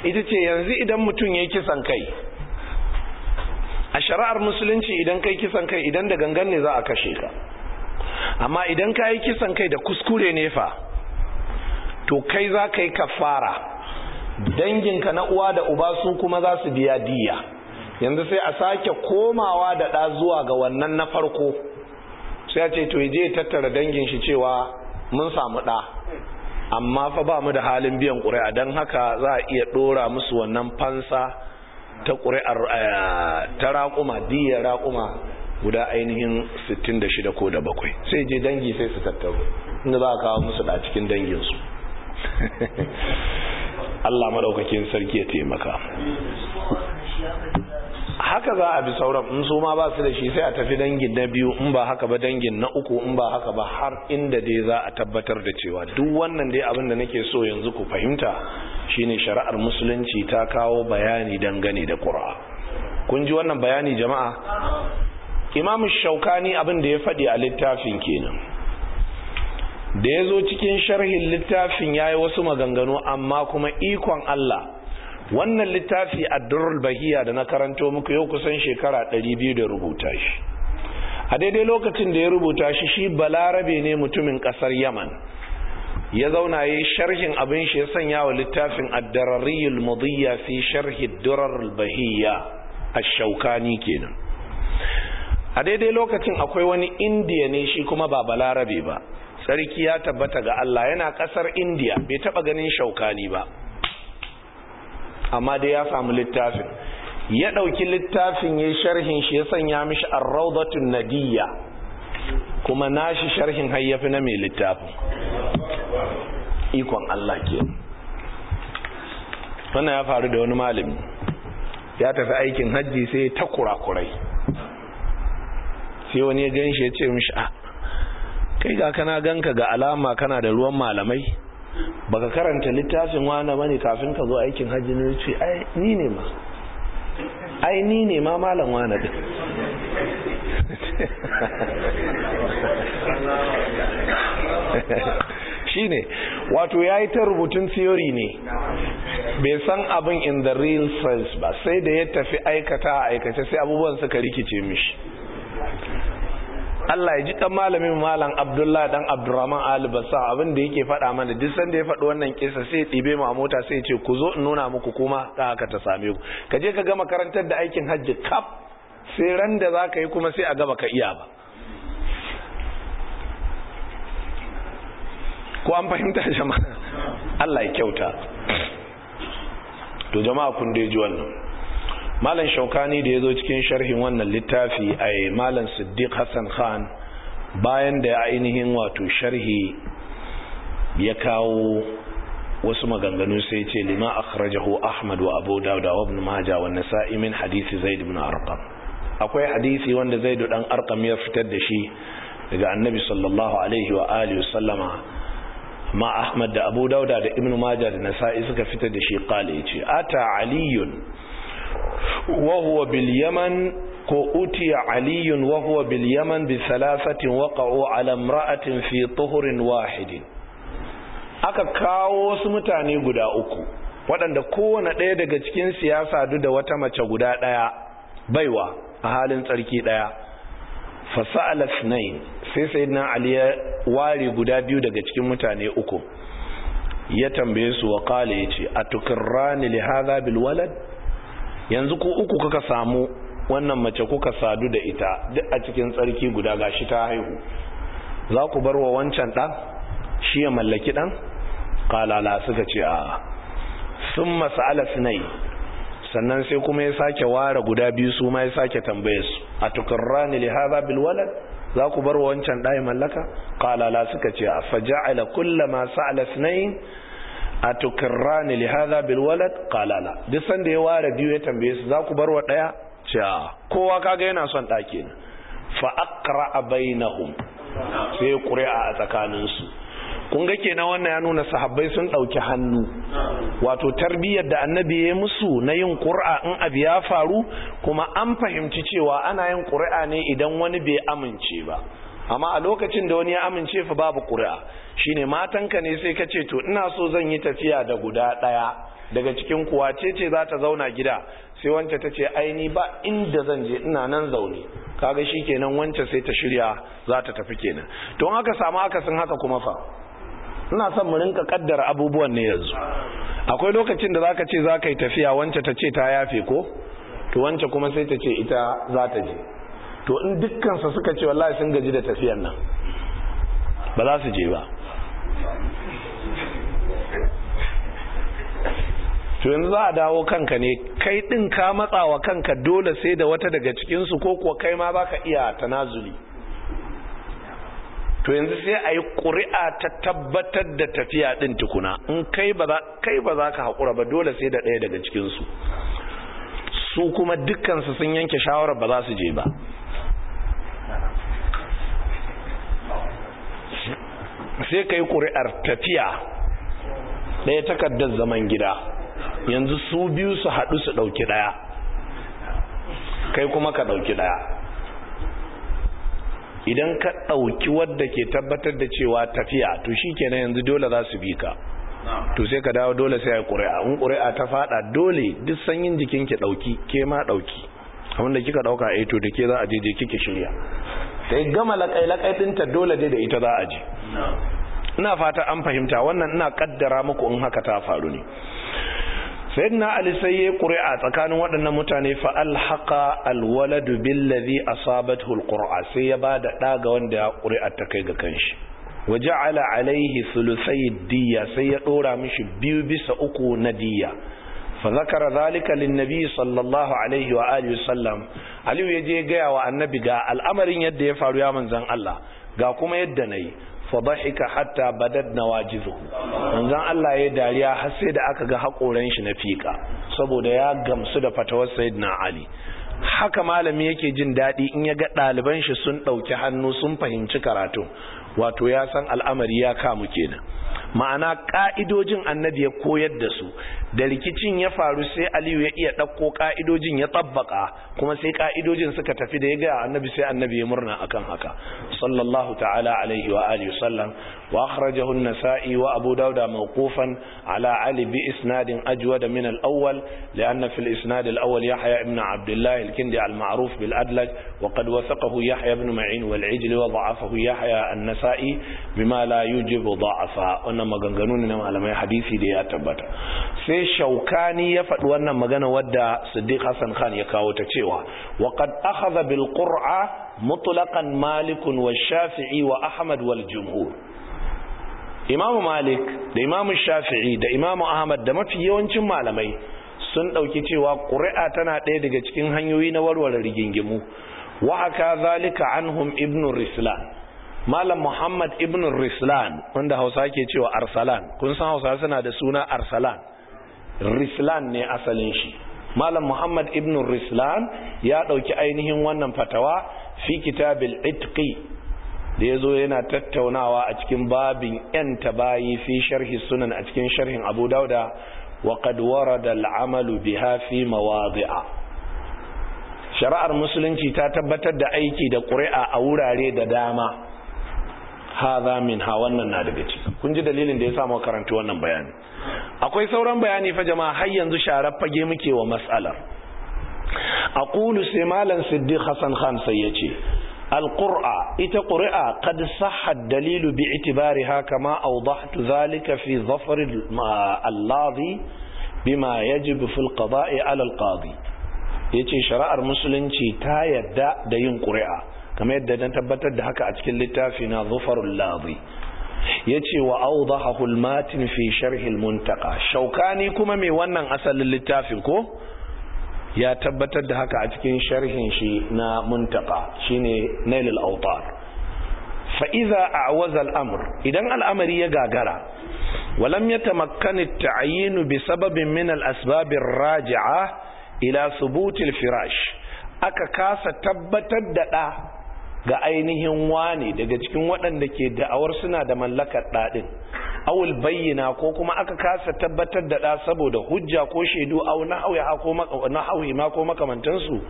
ita ce yanzu idan mutum ya yi kisan kai a shari'ar musulunci idan kai kisan kai idan da gangan ne za a kashe ka amma idan ka yi kisan kai da kuskure ne fa to kai za ka yi kafara danginka na uwa da uba su kuma za su biya diya yanzu sai a sake komawa da ɗa zuwa ga wannan na farko sai a ce to je tattara dangin shi cewa mun samu ɗa amma fa ba mu da halin biyan ƙuri'a don haka za a iya ɗora musu wannan fansa ta ƙuri'ar eh, ta raƙuma diyar raƙuma guda ainihin 66 ko da bakwai sai je dangi sai su tattaro inda za a kawo musu ɗa cikin danginsu Allah maɗaukakin sarki ya taimaka haka za a bi sauran in su ma ba su da shi sai a tafi dangin na biyu in ba haka ba dangin na uku in ba haka ba har inda dai za a tabbatar da cewa duk wannan dai abin da nake so yanzu ku fahimta shine shari'ar musulunci ta kawo bayani dangane da qur'a kun ji wannan bayani jama'a imam shaukani abin da ya faɗi a littafin kenan da ya zo cikin sharhin littafin ya yi wasu maganganu amma kuma ikon Allah wannan littafi durul bahiya da na karanto muku yau kusan shekara 200 da rubuta shi a daidai lokacin da ya rubuta shi shi balarabe ne mutumin kasar yaman ya zauna ya yi sharhin abin shi ya sanya wa littafin addarariyul mudiyya fi sharhi durul bahiyya a shaukani kenan a daidai lokacin akwai wani indiya ne shi kuma ba balarabe ba sarki ya tabbata ga Allah yana kasar indiya bai taba ganin shaukani ba amma dai ya samu littafin ya ɗauki littafin ya sharhin shi ya sanya mishi arraudatun nadiyya kuma nashi sharhin hayyafi na mai littafin ikon Allah ke wannan ya faru da wani malami ya tafi aikin hajji sai ta kurakurai sai wani ya ganshi ya ce mishi a ah, kai ga kana ganka ga alama kana da ruwan malamai baka karanta littafin wani bane kafin ka zo aikin hajji ne ce ai ni ne ma ai ni ne ma malam wani din ne, wato ya yi ta rubutun theory ne bai san abin in the real sense ba sai da ya tafi aikata a aikace sai abubuwan suka rikice mishi Allah ya ji kan malamin malam Abdullah dan Abdurrahman Ali basa abin da yake faɗa mana duk sanda ya faɗi wannan kisa sai ya ɗibe mu a mota sai ya ce ku zo in nuna muku kuma ta haka ta same ku ka je ka ga makarantar da aikin hajji kaf sai ran da za ka yi kuma sai a gaba ka iya ba ko an fahimta jama'a Allah ya kyauta to jama'a kun dai ji wannan malam shaukani da ya zo cikin sharhin wannan littafi a malam siddiq hassan khan bayan da ya ainihin wato sharhi ya kawo wasu maganganu sai ce lima akhrajahu ahmad wa abu dawud wa ibn majah wa nasa'i min hadisi zaid ibn arqam akwai hadisi wanda zaid dan arqam ya fitar da shi daga annabi sallallahu alaihi wa alihi sallama ma ahmad da abu dawud da ibn majah da nasa'i suka fitar da shi qala yace ata aliyun وهو باليمن bil yaman ko utiya aliyun wa huwa bil yaman bi thalathatin tuhrin wahidin aka kawo wasu mutane guda uku waɗanda kowane ɗaya daga cikin siyasa duk da wata mace guda ɗaya baiwa a halin tsarki ɗaya fasa'ala sunayin sai sai na aliya ware guda biyu daga cikin mutane uku ya tambaye su wa kala ya ce a tukirrani rani lihaza bil walad yanzu ku uku kuka samu wannan mace kuka sadu da ita duk a cikin tsarki guda gashi ta haihu za ku bar wa wancan ɗan shi ya mallaki ɗan Ƙalala suka ce a sun masu alasinai sannan sai kuma ya sake ware guda biyu su ma ya sake tambaye su a tukurrani li haza bil walad za ku bar wa wancan ɗaya mallaka Ƙalala suka ce a faja'ala masu sa'ala sunayin a tukirrani lihaza hadha bil walad duk sanda ya ware biyu ya tambaye su za ku bar wa ɗaya. ce kowa kaga yana son daki ne fa aqra bainahum sai qur'a a tsakanin su kun ga kenan wannan ya nuna sahabbai sun ɗauki hannu wato tarbiyyar da annabi ya musu na yin qur'a in abu ya faru kuma an fahimci cewa ana yin qur'a ne idan wani bai amince ba amma a lokacin da wani ya amince fa babu qur'a shine matanka ne sai ka ce to ina so zan yi tafiya da guda ɗaya daga cikin kuwa ce ce za ta zauna gida sai wancan ta ce aini ba inda zan je ina nan zaune kaga shi kenan wancan sai ta shirya za ta tafi kenan don haka samu akasin haka kuma fa ina son mu rinka kaddar abubuwan ne yanzu akwai lokacin da zaka ce zaka yi tafiya wancan ta ce ta yafe ko to wancan kuma sai ta ce ita za ta je to in dukkansa suka ce wallahi sun gaji da tafiyan nan ba za su je ba to yanzu za a dawo kanka ne kai din ka matsa wa kanka dole sai da wata daga cikinsu ko kuwa kai ma baka iya tanazuli to yanzu sai a yi ƙuri'a ta tabbatar da tafiya ɗin tukuna in kai ba za ka haƙura ba dole sai da ɗaya daga cikinsu su kuma dukkansu sun yanke shawarar ba za su je ba sai ka yi ƙuri'ar tafiya ɗaya takardar zaman gida yanzu su biyu su haɗu su ɗauki ɗaya kai kuma ka ɗauki ɗaya idan ka ɗauki wadda ke tabbatar da cewa tafiya to shi kenan yanzu dole za su bi ka to sai ka dawo dole sai a ƙuri'a in ƙuri'a ta faɗa dole duk sanyin jikin ki ɗauki ke ma ɗauki abinda kika ɗauka a eh, to da ke za a je je kike shirya ta yi gama laƙai-laƙai ɗinta dole dai da ita za a ji ina fata an fahimta wannan ina ƙaddara muku in haka ta faru ne na ali sai ƙuri a tsakanin waɗannan mutane fa’al haka alwaladu billazi Sabat alqur'a sai ya ba da ɗaga wanda ya a ta kai ga kanshi Waje ala alaihi sulusai diya sai ya ɗora mishi biyu bisa uku na diya فذكر ذلك للنبي صلى الله عليه وآله وسلم علي يجي gaya wa annabi ga al'amarin yadda ya faru ya manzan Allah ga kuma yadda nayi fadhika hatta badad nawajizu manzan Allah ya dariya har sai da aka ga hakoran shi na fika saboda ya gamsu da fatawar sayyidina Ali haka malami yake jin daɗi in ya ga ɗaliban shi sun ɗauki hannu sun fahimci karatu wato ya san al'amari ya kamu kenan ma'ana ƙa'idojin annabi ya koyar da su da rikicin ya faru sai aliyu ya iya ɗauko ƙa'idojin ya tabbaka kuma sai ƙa'idojin suka tafi da ya gaya annabi sai annabi ya murna akan haka sallallahu ta'ala alaihi wa alihi sallam wa akhrajahu an-nasa'i wa abu dawud mawqufan ala ali bi isnadin ajwad min al-awwal li'anna fi al-isnad al-awwal yahya ibn abdullah al-kindi al-ma'ruf bil adlaj wa qad wathaqahu yahya ibn ma'in wal ijli wa da'afahu yahya an-nasa'i bima la yujibu da'afa wannan maganganu ne na malamai hadisi da ya tabbata sai shaukani ya faɗi wannan magana wadda siddiq hassan khan ya kawo ta cewa wa qad akhadha bil qur'a mutlaqan malik wa shafi'i wa ahmad wal jumhur Imam malik da Imam shafi'i da Imam ahmad da mafi yawancin malamai sun ɗauki cewa ƙuri'a tana ɗaya daga cikin hanyoyi na warware rigingimu wa haka zalika anhum ibn rislan malam muhammad ibn rislan wanda hausa ke cewa arsalan kun san hausa suna da suna arsalan rislan ne asalin shi malam muhammad ibn rislan ya ɗauki ainihin wannan fatawa fi kitabil itqi da ya zo yana tattaunawa a cikin babin yan tabayi fi sharhi sunan a cikin sharhin abu dauda wa qad warada al'amalu biha fi mawadi'a shari'ar musulunci ta tabbatar da aiki da ƙuri'a a wurare da dama haza min ha wannan na daga ciki kun ji dalilin da ya samu karanta wannan bayani akwai sauran bayani fa jama'a har yanzu sharar fage muke wa matsalar aqulu sai malam siddiq hasan khan sai yace القرأة bi قد صح الدليل باعتبارها كما أوضحت ذلك في ظفر اللاضي بما يجب في القضاء على القاضي yace shari'ar musulunci ta yadda da yin ƙuri'a kamar yadda na tabbatar da haka a cikin littafi na zufarul ladhi yace wa awdahahu al fi sharhin muntaka. Shauka shaukani kuma mai wannan asalin littafin ko ya tabbatar da haka a cikin sharhin shi na muntaka shine nail al-awtar fa idza a'waza al-amr idan al'amari ya gagara walam yatamakkan at-ta'yin bi sababin min al-asbab ar-raji'a ila thubut al-firash aka kasa tabbatar da da ga ainihin wane daga cikin waɗanda ke da'awar suna da mallakar ɗaɗin awul bayyana ko kuma aka kasa tabbatar da ɗa saboda hujja ko shaidu aw na hauyi ma ko makamantansu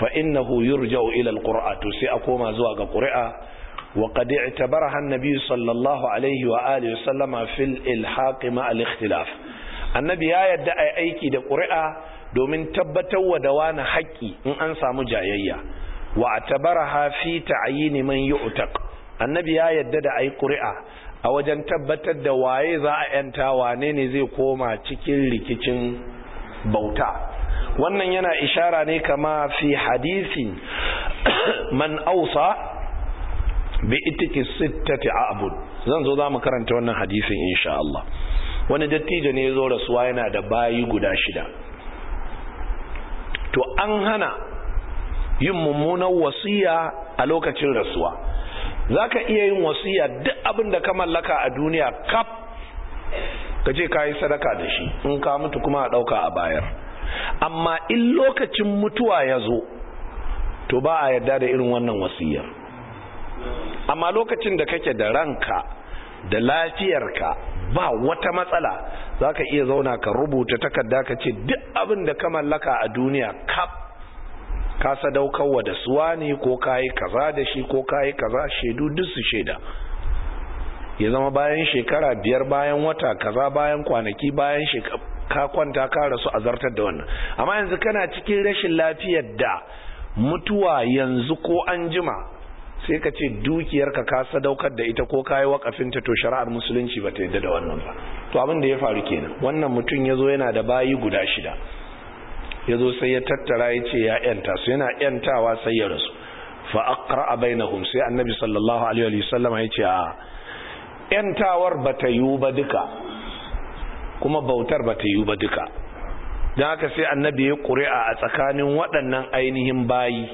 fa innahu yurja'u ila alqur'a to sai a koma zuwa ga qur'a wa qad i'tabaraha an-nabi sallallahu alaihi wa alihi wa sallama fil ilhaq ma al-ikhtilaf annabi ya yadda ai aiki da qur'a domin tabbatar wa da wani haƙƙi in an samu jayayya wa atabaraha fi ta'yin man yu'taq annabi ya yadda da ayi ƙuri'a a wajen tabbatar da waye za a yanta wane ne zai koma cikin rikicin bauta wannan yana ishara ne kama fi hadisi man ausa bi itiki sittati abud zan zo zamu karanta wannan hadisin insha Allah wani dattijo ne ya zo rasuwa yana da bayi guda shida to an hana yin mummunan wasiya a lokacin rasuwa za ka iya yin wasiya duk abin da ka mallaka a duniya kaf ka ce ka yi sadaka da shi in ka mutu kuma a ɗauka a bayar amma in lokacin mutuwa ya zo to ba a yarda da irin wannan wasiya amma lokacin da kake da ranka da lafiyarka ba wata matsala za ka iya zauna ka rubuta takarda ka ce duk abin da ka mallaka a duniya kaf ka sadaukarwa da suwa ne ko kayi kaza da shi ko kayi kaza shaidu duk su shaida ya zama bayan shekara biyar bayan wata kaza bayan kwanaki bayan shekara ka kwanta ka rasu a zartar da wannan amma yanzu kana cikin rashin lafiyar da mutuwa yanzu ko an jima sai ka ce dukiyarka ka sadaukar da ita ko kayi wakafinta to shari'ar musulunci ba ta yadda da wannan ba to abin da ya faru kenan wannan mutum ya zo yana da bayi guda shida ya zo sai ya tattara ya ce ya yanta su yana yantawa sai ya rasu fa bai bainahum sai annabi sallallahu alaihi wa sallam ya ce a yantawar ta yiwu ba duka kuma bautar ba ta yiwu ba duka Don haka sai annabi ya ƙuri'a a tsakanin waɗannan ainihin bayi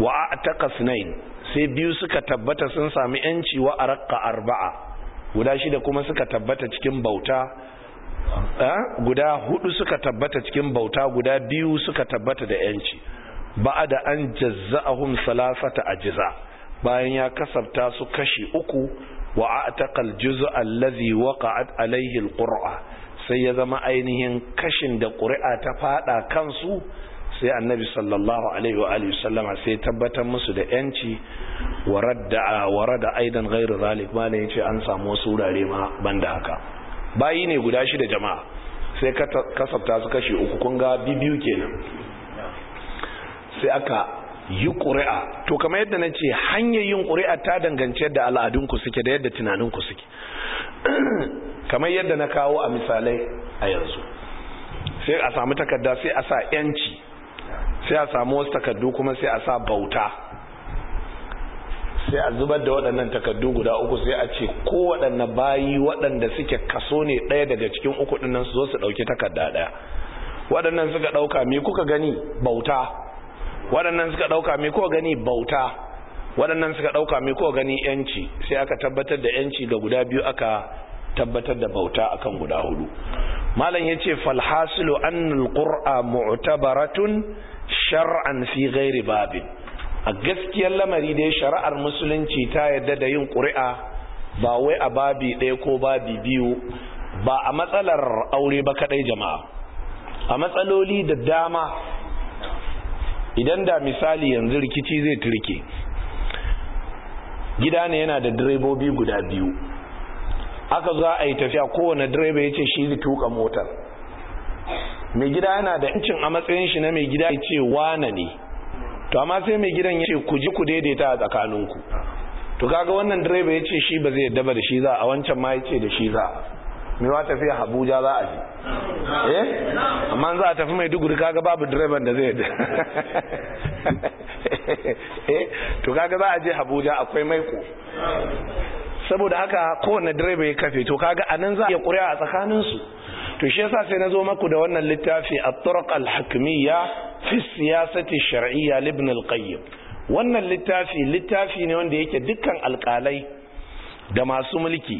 wa takas nai sai biyu suka tabbata sun sami yanci wa arqa arba'a guda shida kuma suka tabbata cikin bauta Eh? guda hudu suka tabbata cikin bauta guda biyu suka tabbata da yanci ba'a da an jazza'ahum salasata ajza bayan ya kasabta su kashi uku wa ataqal juz'a allazi waqa'at alayhi alqur'a sai ya zama ainihin kashin da ƙuri'a ta fada kansu sai annabi sallallahu alaihi wa alihi sallama sai tabbatar musu da yanci wa rada aidan ghairu zalik ma ne yace an samu wasu wurare ma da haka bayi ne guda shida jama'a sai kasafta su kashe uku kun ga bibiyu kenan sai aka yi ƙuri'a to kamar yadda na ce hanyar yin ƙuri'a ta dangance da al'adunku suke da yadda tunaninku suke kamar yadda na kawo a misalai a yanzu sai a samu takarda sai a sa yanci sai a samu wasu takardu kuma sai a sa bauta sai a zubar da waɗannan takardu guda uku sai a ce ko waɗanne bayi waɗanda suke kaso ne ɗaya daga cikin uku nan su zo su ɗauki takarda ɗaya waɗannan suka ɗauka me kuka gani bauta waɗannan suka ɗauka me kuka gani bauta waɗannan suka ɗauka me kuka gani yanci sai aka tabbatar da yanci ga guda biyu aka tabbatar da bauta akan guda hudu malam ya ce falhasilu annal qur'a mu'tabaratun shar'an fi ghairi babin a gaskiyar lamari dai shari'ar musulunci ta yadda da yin ƙuri'a ba wai a babi ɗaya ko babi biyu ba a matsalar aure ba kaɗai jama'a a matsaloli da dama idan da misali yanzu rikici zai turke gida ne yana da direbobi guda biyu aka za a yi tafiya kowane direba ya ce shi zai tuka motar mai gida yana da incin a matsayin shi na mai gida ya ce wane ne to amma sai mai gidan ya ce ku ji ku daidaita a tsakaninku to kaga wannan direba ya ce shi ba zai yadda ba da shi za a wancan ma ya ce da shi za mai wa a abuja za a ji eh amma za a tafi mai duguri kaga babu direban da zai yadda eh to kaga za a je abuja akwai maiko saboda haka kowane direba ya kafe to kaga anan za a iya kuri'a a tsakaninsu to shi yasa sai nazo maku da wannan littafi at turuq al hukmiyya fi siyasati shar'iyya ibn al-qayyim wannan littafi littafi ne wanda yake dukkan alƙalai da masu mulki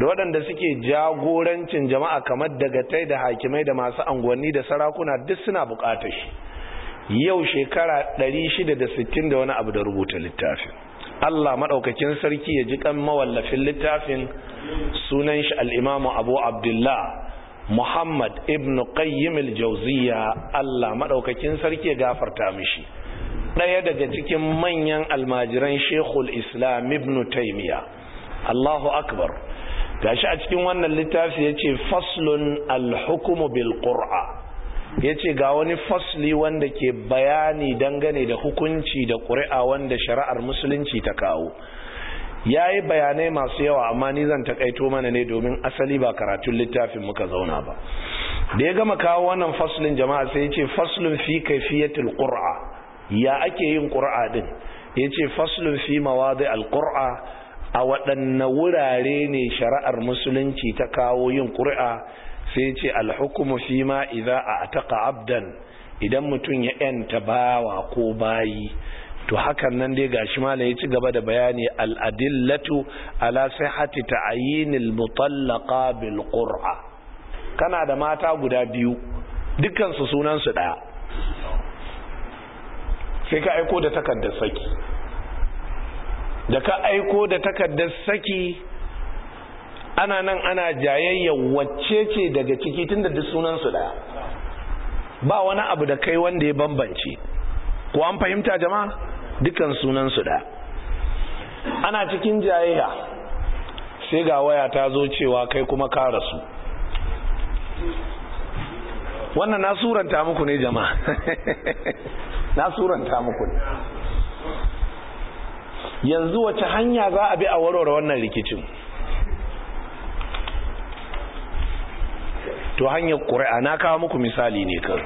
da waɗanda suke jagorancin jama'a kamar tai da hakimai da masu anguwanni da sarakuna duk suna buƙatar shi yau shekara 660 da wani abu da rubuta littafi. Allah maɗaukakin sarki ya ji kan mawallafin littafin sunan shi al imam abu abdullah Muhammad ibn Qayyim al Allah madaukakin sarki ya gafarta mishi daya daga cikin manyan almajiran Sheikhul Islam Ibn Taymiyyah Allahu akbar gashi a cikin wannan littafi yace faslun al-hukm bil qur'a yace ga wani fasli wanda ke bayani dangane da hukunci da qur'a wanda shari'ar musulunci ta kawo ya yi bayanai masu yawa amma ni zan takaito mana ne domin asali ba karatun littafin muka zauna ba da ya gama kawo wannan faslin jama'a sai ya ce faslin fi kaifiyatul qur'a ya ake yin qur'a din ya ce faslin fi mawadi al a waɗanne wurare ne shari'ar musulunci ta kawo yin qur'a sai ce alhukuma fi ma idza abdan idan mutum ya yanta bawa ko bayi to hakan nan dai gashi malam ya ci gaba da bayani al-adillatu ala sihhati ta'yinil mutallaqa bil qur'a kana da mata guda biyu dukkan su sunan su daya sai ka aiko da takardar saki da ka aiko da takardar saki ana nan ana jayayya wacce ce daga ciki tunda duk sunan su daya ba wani abu da kai wanda ya bambance ko an fahimta jama'a dukan sunan su da ana cikin jayayya sai ga waya ta zo cewa kai kuma ka rasu wannan na suranta muku ne jama'a na suranta muku ne yanzu wace hanya za a bi a warware wannan rikicin to hanyar ƙuri'a na kawo muku misali ne kan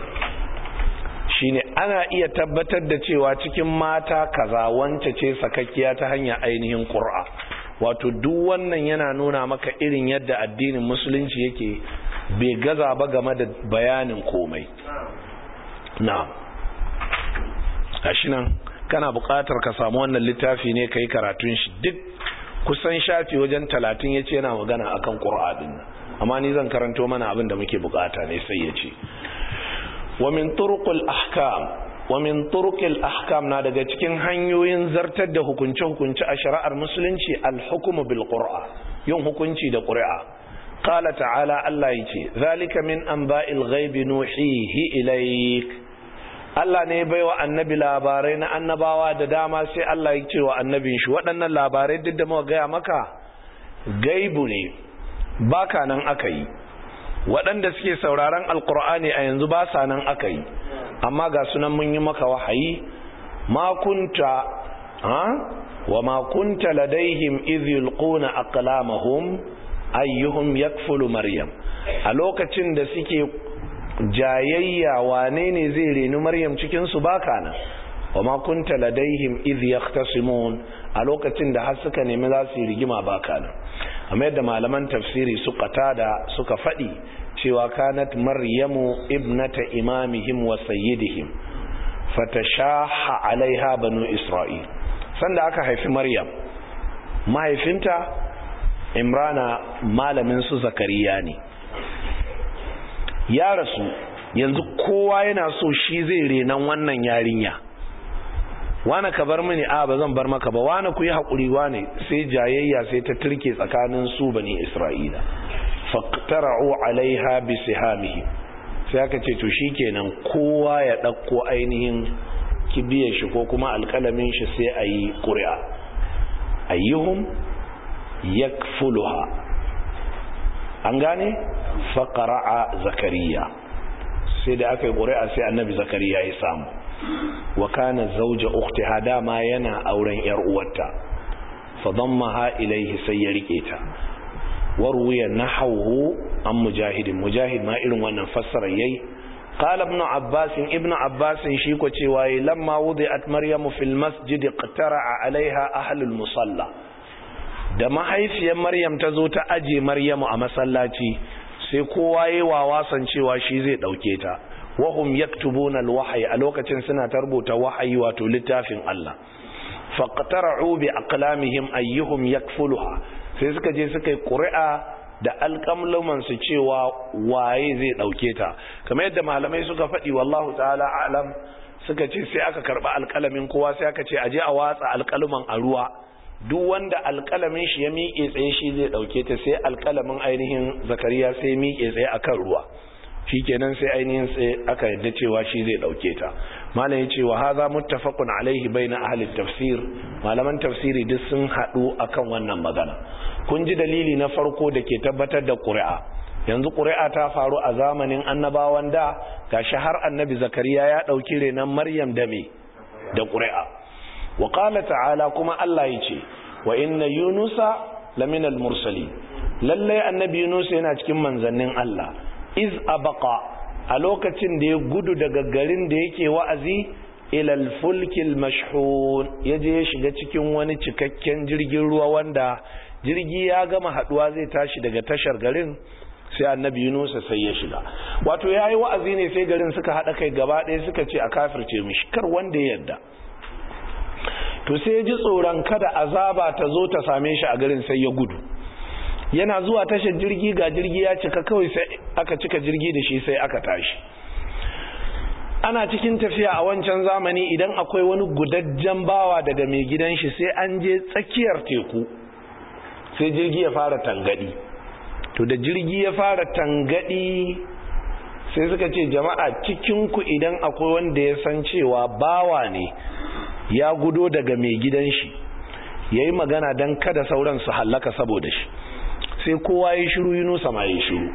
shine ana iya tabbatar da cewa cikin mata kaza wance ce sakakkiya ta hanyar ainihin qur'a wato duk wannan yana nuna maka irin yadda addinin musulunci yake bai gaza ba game da bayanin komai na'am nan kana buƙatar ka samu wannan littafi ne kai karatun shi duk kusan shafi wajen talatin ya ce yana magana akan din amma ni zan karanto mana abin da muke bukata ne sai ya ce wa min turqul ahkam ahkam na daga cikin hanyoyin zartar da hukunce hukunce a shari'ar musulunci al hukmu bil yin hukunci da qur'a qala ta'ala Allah yace zalika min anba'il ghaibi nuhihi ilaik Allah ne baiwa annabi labarai na annabawa da dama sai Allah ya ce wa annabin shi waɗannan labarai duk da muka gaya maka gaibu ne baka nan aka yi waɗanda suke sauraron alkur'ani a yanzu ba sa nan aka yi amma ga sunan mun yi maka wahayi makunta wa makunta ladaihim idh yulquna aqlamahum ayyuhum yakfulu maryam a lokacin da suke jayayya wane ne zai reni maryam cikin su baka nan wa makunta ladaihim iz a lokacin da har suka nemi za su rigima baka nan kamar yadda malaman tafsiri suka tada suka faɗi cewa kanat maryamu ibnata imamihim wa sayyidihim fatashaha alaiha banu isra'il sanda aka haifi maryam mahaifinta imrana malamin su zakariya ne ya rasu yanzu kowa yana so shi zai renan wannan yarinya wane ka bar mini a ba zan bar maka ba wane ku yi haƙuri wane sai jayayya sai ta turke tsakanin su bani isra'ila faktara'u alaiha bi sihamihi sai aka ce to shi kenan kowa ya ɗauko ainihin kibiyar shi ko kuma alƙalamin shi sai a yi ƙuri'a ayyuhum yakfuluha an gane faqara'a zakariya sai da aka yi ƙuri'a sai annabi zakariya ya samu wa kana zauja hada ma yana auren yar uwarta fa dammaha ilayhi sai ya rike ta warwiya nahawhu an mujahid mujahid ma irin wannan fassara yayi qala ibn abbas ibn abbas shi ko cewa lamma wudi'at maryamu fil masjid a alaiha ahlul musalla da mahaifiyar maryam ta zo ta aje maryamu a masallaci sai kowa yayi wawasan cewa shi zai dauke ta wahum yaktubuna alwahyi a lokacin suna tarbuta wahayi wato littafin Allah faqtara'u bi aqlamihim ayyuhum yakfuluha sai suka je suka yi ƙuri'a da alƙamluman su cewa waye zai dauke ta kamar yadda malamai suka faɗi wallahu ta'ala alam suka ce sai aka karba alƙalamin kowa sai aka ce aje a watsa alƙaluman a ruwa duk wanda alƙalamin shi ya miƙe tsaye shi zai dauke ta sai alƙalamin ainihin zakariya sai miƙe tsaye akan ruwa shi kenan sai ainihin sai aka yadda cewa shi zai dauke ta malam ce wa hadha muttafaqun alaihi na ahli tafsir malaman tafsiri duk sun hadu akan wannan magana kun ji dalili na farko da ke tabbatar da ƙuri'a yanzu ƙuri'a ta faru a zamanin annabawan da gashi har annabi zakariya ya dauki renan maryam da me da ƙuri'a wa qala ta'ala kuma Allah ya ce wa inna yunusa laminal mursali lallai annabi Yunusa yana cikin manzannin Allah iz abaka a lokacin da ya gudu daga garin da yake wa'azi ilal fulkil mashhun je ya shiga cikin wani cikakken jirgin ruwa wanda jirgi ya gama haduwa zai tashi daga tashar garin sai annabi yunusa sai ya shiga wato yayi wa'azi ne sai garin suka haɗa kai gaba ɗaya suka ce a kafirce mishi kar wanda ya yarda to sai ya ji tsoron kada azaba ta zo ta same shi a garin sai ya gudu yana zuwa tashar jirgi ga jirgi ya cika kawai sai aka cika jirgi da shi sai aka tashi ana cikin tafiya a wancan zamani idan akwai wani gudajjen bawa daga mai gidan shi sai an je tsakiyar teku sai jirgi ya fara tangadi to da jirgi ya fara tangadi sai suka ce jama'a ku idan akwai wanda ya san cewa bawa ne ya gudo daga mai gidan shi ya yi magana don kada sauran su hallaka saboda shi sai kowa ya shiru yunusa ma ya shiru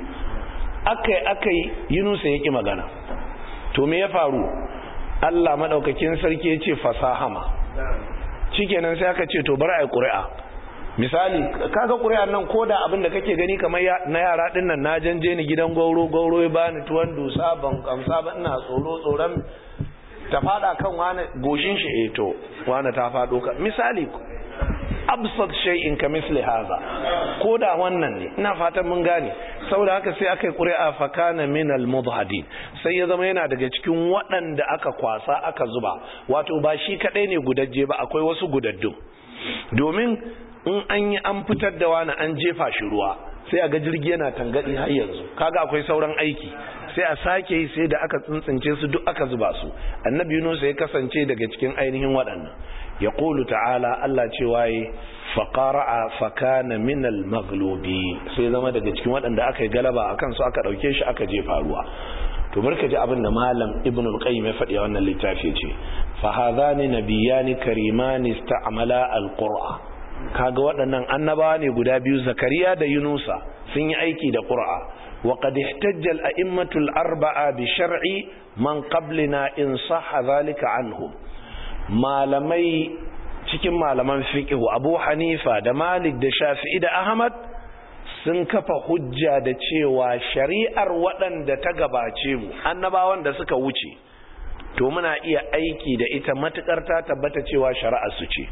akai akai yunusa ya ƙi magana to me ya faru Allah maɗaukakin sarki ya ce fasahama nan sai aka ce to bar ai ƙuri'a misali kaga ƙuri'a nan ko da abin da kake gani kamar na yara ɗin nan na janje ni gidan gauro gauro ya bani tuwon dusa ban kamsa ba ina tsoro tsoron ta fada kan wani goshin shi eh to wani ta fado ka misali absat shay'in ka misli haza ko da wannan ne ina fatan mun gane saboda haka sai aka yi ƙuri'a fa kana min al mudhadin sai ya zama yana daga cikin waɗanda aka kwasa aka zuba wato ba shi kadai ne gudajje ba akwai wasu gudaddu domin in an yi an fitar da wani an jefa shi ruwa sai a ga jirgi yana tangadi har yanzu kaga akwai sauran aiki sai a sake yi sai da aka tsintsince su duk aka zuba su annabi yunus ya kasance daga cikin ainihin waɗannan yaqulu ta'ala Allah cewa faqara'a fakana min minal maglobi sai zama daga cikin waɗanda aka yi galaba akan su aka ɗauke shi aka je faruwa to barka ji abin da malam ibn al-qayyim ya faɗi a wannan littafi ce fa ni nabiyani karimani ista'mala al-qur'a kaga waɗannan annabawa ne guda biyu zakariya da yunusa sun yi aiki da qur'a wa qad ihtajja al-a'immatu al-arba'a bi shar'i man qablina in sahha dhalika anhum malamai cikin malaman fiqh Abu Hanifa da Malik da Shafi'i da Ahmad sun kafa hujja da cewa shari'ar waɗanda ta gabace mu annabawan da suka wuce to muna iya aiki da ita matukar ta tabbata cewa shari'a su ce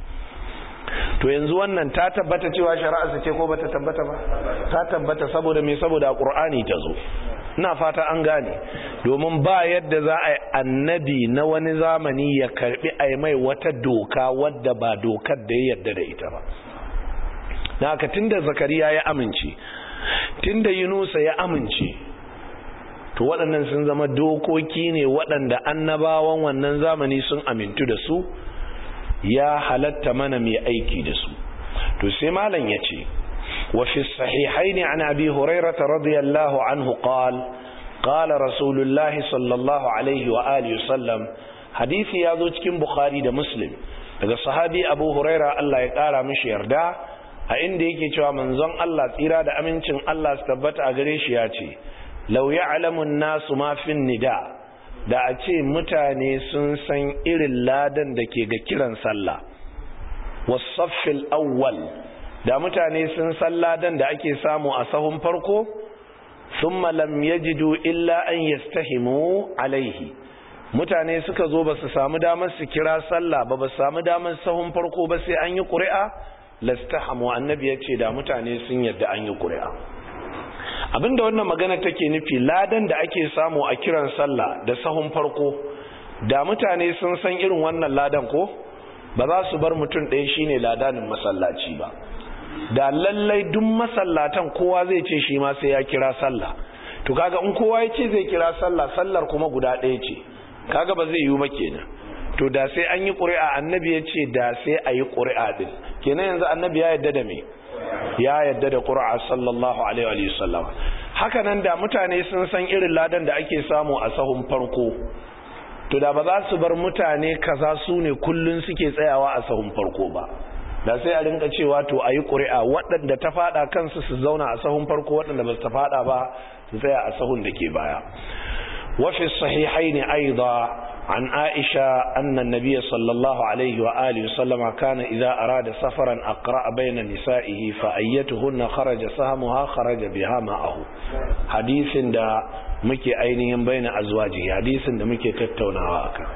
to yanzu wannan ta tabbata cewa shari'a su ce ko bata tabbata ba ta tabbata saboda me saboda Qur'ani ta zo na fata an gane domin ba yadda za a yi annabi na wani zamani ya karbi a mai wata doka wadda ba dokar da ya yadda da ita ba na ka tun da zakariya ya amince tun da yunusa ya amince to waɗannan sun zama dokoki ne waɗanda annabawan wannan zamani sun amintu da su ya halatta mana mai aiki da su to sai malam ya ce وفي الصحيحين عن أبي هريرة رضي الله عنه قال قال رسول الله صلى الله عليه وآله وسلم حديث cikin Bukhari da Muslim daga sahabi Abu Huraira Allah ya ƙara mishi yarda a inda yake cewa manzon Allah tsira da amincin Allah su tabbata a gare shi ya ce law ya'lamu an-nasu ma fin nida da a ce mutane sun san irin ladan da ke ga kiran sallah was-saffil awwal da mutane sun san ladan da ake samu a sahun farko thumma lam yajidu illa an yastahimu alaihi mutane suka zo ba su samu damar su kira sallah ba ba su samu damar sahun farko ba sai an yi ƙuri'a lastahamu annabi ya ce da mutane sun yadda an yi ƙuri'a abinda wannan magana take nufi ladan da ake samu a kiran sallah da sahun farko da mutane sun san irin wannan ladan ko ba za su bar mutum ɗaya shine ladanin masallaci ba da lallai duk masallatan kowa zai ce shi ma sai ya kira sallah to kaga in kowa ya ce zai kira sallah sallar kuma guda ɗaya ce kaga ba zai yiwu ba kenan to da sai an yi ƙuri'a annabi ya ce da sai a yi ƙuri'a din kenan yanzu annabi ya yadda da me ya yadda da ƙuri'a sallallahu alaihi wa sallam haka nan da mutane sun san irin ladan da ake samu a sahun farko to da ba za su bar mutane kaza su ne kullun suke tsayawa a sahun farko ba da sai a rinka cewa to a yi ƙuri'a waɗanda ta faɗa kansu su zauna a sahun farko waɗanda ba su ta faɗa ba su tsaya a sahun da ke baya wafi sahihai ne aida an aisha annan nabiya sallallahu alaihi wa alihi sallama kana idza arada safaran aqra baina nisa'ihi fa ayyatuhunna kharaja sahamuha kharaja biha ma'ahu hadisin da muke ainihin baina azwaji hadisin da muke tattaunawa akan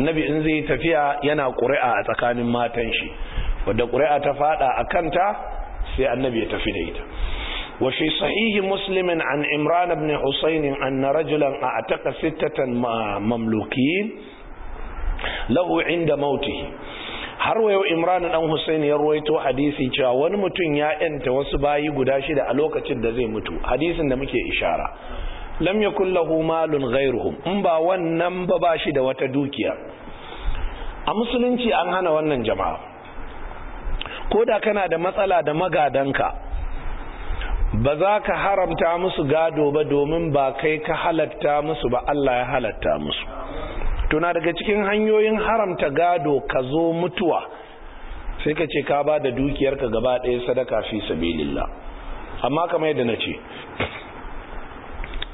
annabi in zai tafiya yana ƙuri'a a tsakanin matan shi wadda ƙuri'a ta fada a kanta sai annabi ya tafi da ita وفي صحيح an Imran husaini بن حسين rajulan رجلا أعتق ستة mamluki lahu inda mauti. har wayo Imran dan Hussein ya ruwaito hadisi cewa wani mutum ya yanta wasu bayi guda shida a lokacin da zai mutu hadisin da muke ishara lam yakul lahu malun gairuhu in ba wannan ba ba shi da wata dukiya a musulunci an hana wannan jama'a ko da kana da matsala da magadanka ba za ka haramta musu gado ba domin ba kai ka halatta musu ba Allah ya halatta musu tuna daga cikin hanyoyin haramta gado ka zo mutuwa sai ka ce ka ba da dukiyarka gaba ɗaya sadaka fi sabilillah amma kamar yadda na ce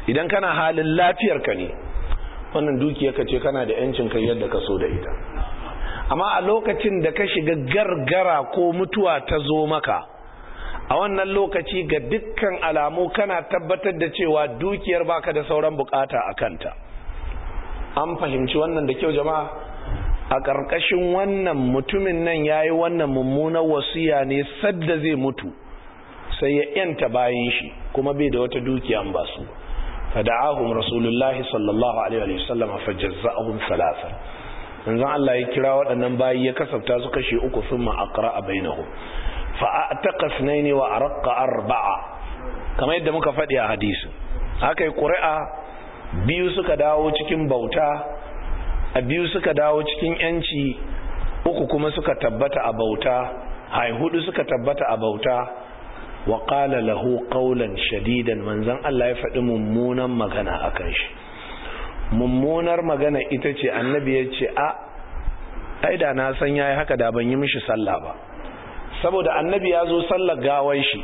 idan kana halin lafiyarka ne wannan dukiyarka ce kana da yancin kai yadda ka so da ita amma a lokacin da ka shiga gargara ko mutuwa ta zo maka a wannan lokaci ga dukkan alamu kana tabbatar da cewa dukiyar baka da sauran bukata a kanta an fahimci wannan da kyau jama'a a ƙarƙashin wannan mutumin nan ya yi wannan mummunan wasiya ne sadda zai mutu sai ya yanta bayan shi kuma bai da wata dukiya ba su fada'ahum rasulullahi sallallahu alaihi wasallam fajazza'ahum salasa manzon Allah ya kira waɗannan bayi ya kasafta su kashe uku sun summa a bainahu. fa ataqa ne wa arqa arba'a kamar yadda muka faɗi a hadisi haka ƙuri'a biyu suka dawo cikin bauta a biyu suka dawo cikin yanci uku kuma suka tabbata a bauta hai suka tabbata a bauta wa ƙala lahu ƙaulan shadidan manzon Allah ya faɗi mummunan magana a akan shi mummunar magana ita ce annabi ya ce a ai da na san yayi haka da ban yi mishi sallah ba saboda annabi ya zo sallar gawan shi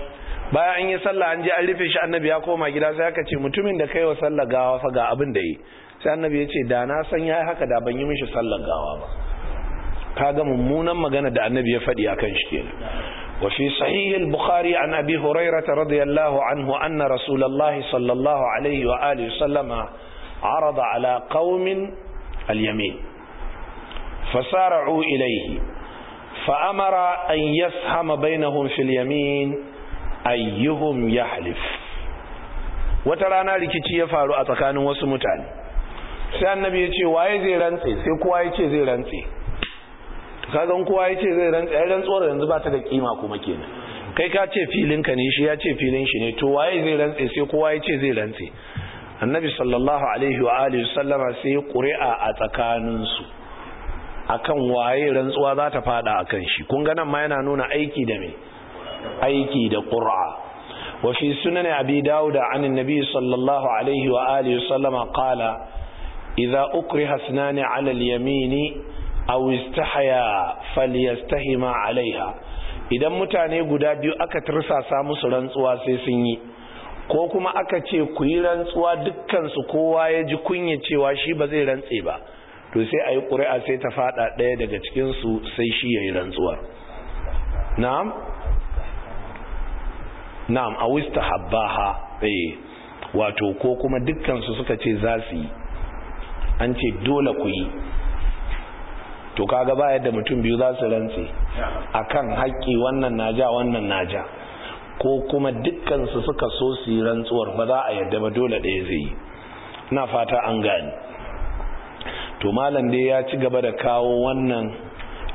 bayan an yi sallah an je an rufe shi annabi ya koma gida sai aka ce mutumin da kai wa sallar gawa fa ga abin da yi sai annabi ya ce da na san yayi haka da ban yi mishi sallar gawa ba kaga mummunan magana da annabi ya faɗi akan shi kenan wa fi sahih al-bukhari an abi hurairah radiyallahu anhu anna rasulullahi sallallahu alaihi wa alihi sallama عرض على قوم اليمين فسارعوا إليه فأمر أن يسهم بينهم في اليمين أيهم يحلف وترانا لكي يفعل أتكان وسمتان a tsakanin wasu mutane زي annabi ya ce waye zai rantse sai kowa ya ce zai rantse kagan kowa ya rantsuwar yanzu ba ta da kima kuma kenan kai ka ce filinka ne shi ya ce filin shi ne to waye zai rantse sai kowa ya ce zai rantse annabi sallallahu alaihi wa alihi sallama sai ƙuri'a a tsakaninsu akan waye rantsuwa za ta fada akan shi kun ga nan ma yana nuna aiki da me aiki da ƙur'a. wa fi sunan abi dawud an annabi sallallahu alaihi wa alihi sallama qala idza ukriha sunani ala al-yamini aw istahya falyastahima alaiha idan mutane guda biyu aka tursasa musu rantsuwa sai sun yi ko kuma aka ce ku yi rantsuwa dukkansu kowa ya ji kunya cewa shi ba zai rantse ba to sai a yi ƙuri'a sai ta faɗa ɗaya daga cikinsu sai shi ya yi rantsuwar na'am na'am a wista eh wato ko kuma dukkansu suka ce za su yi an ce dole ku yi to kaga ba yadda mutum biyu za su rantse akan haƙƙi wannan naja wannan naja ko kuma dukkansu suka so su yi rantsuwar ba za a yadda ba dole ɗaya zai yi na fata an gani to malam dai ya ci gaba da kawo wannan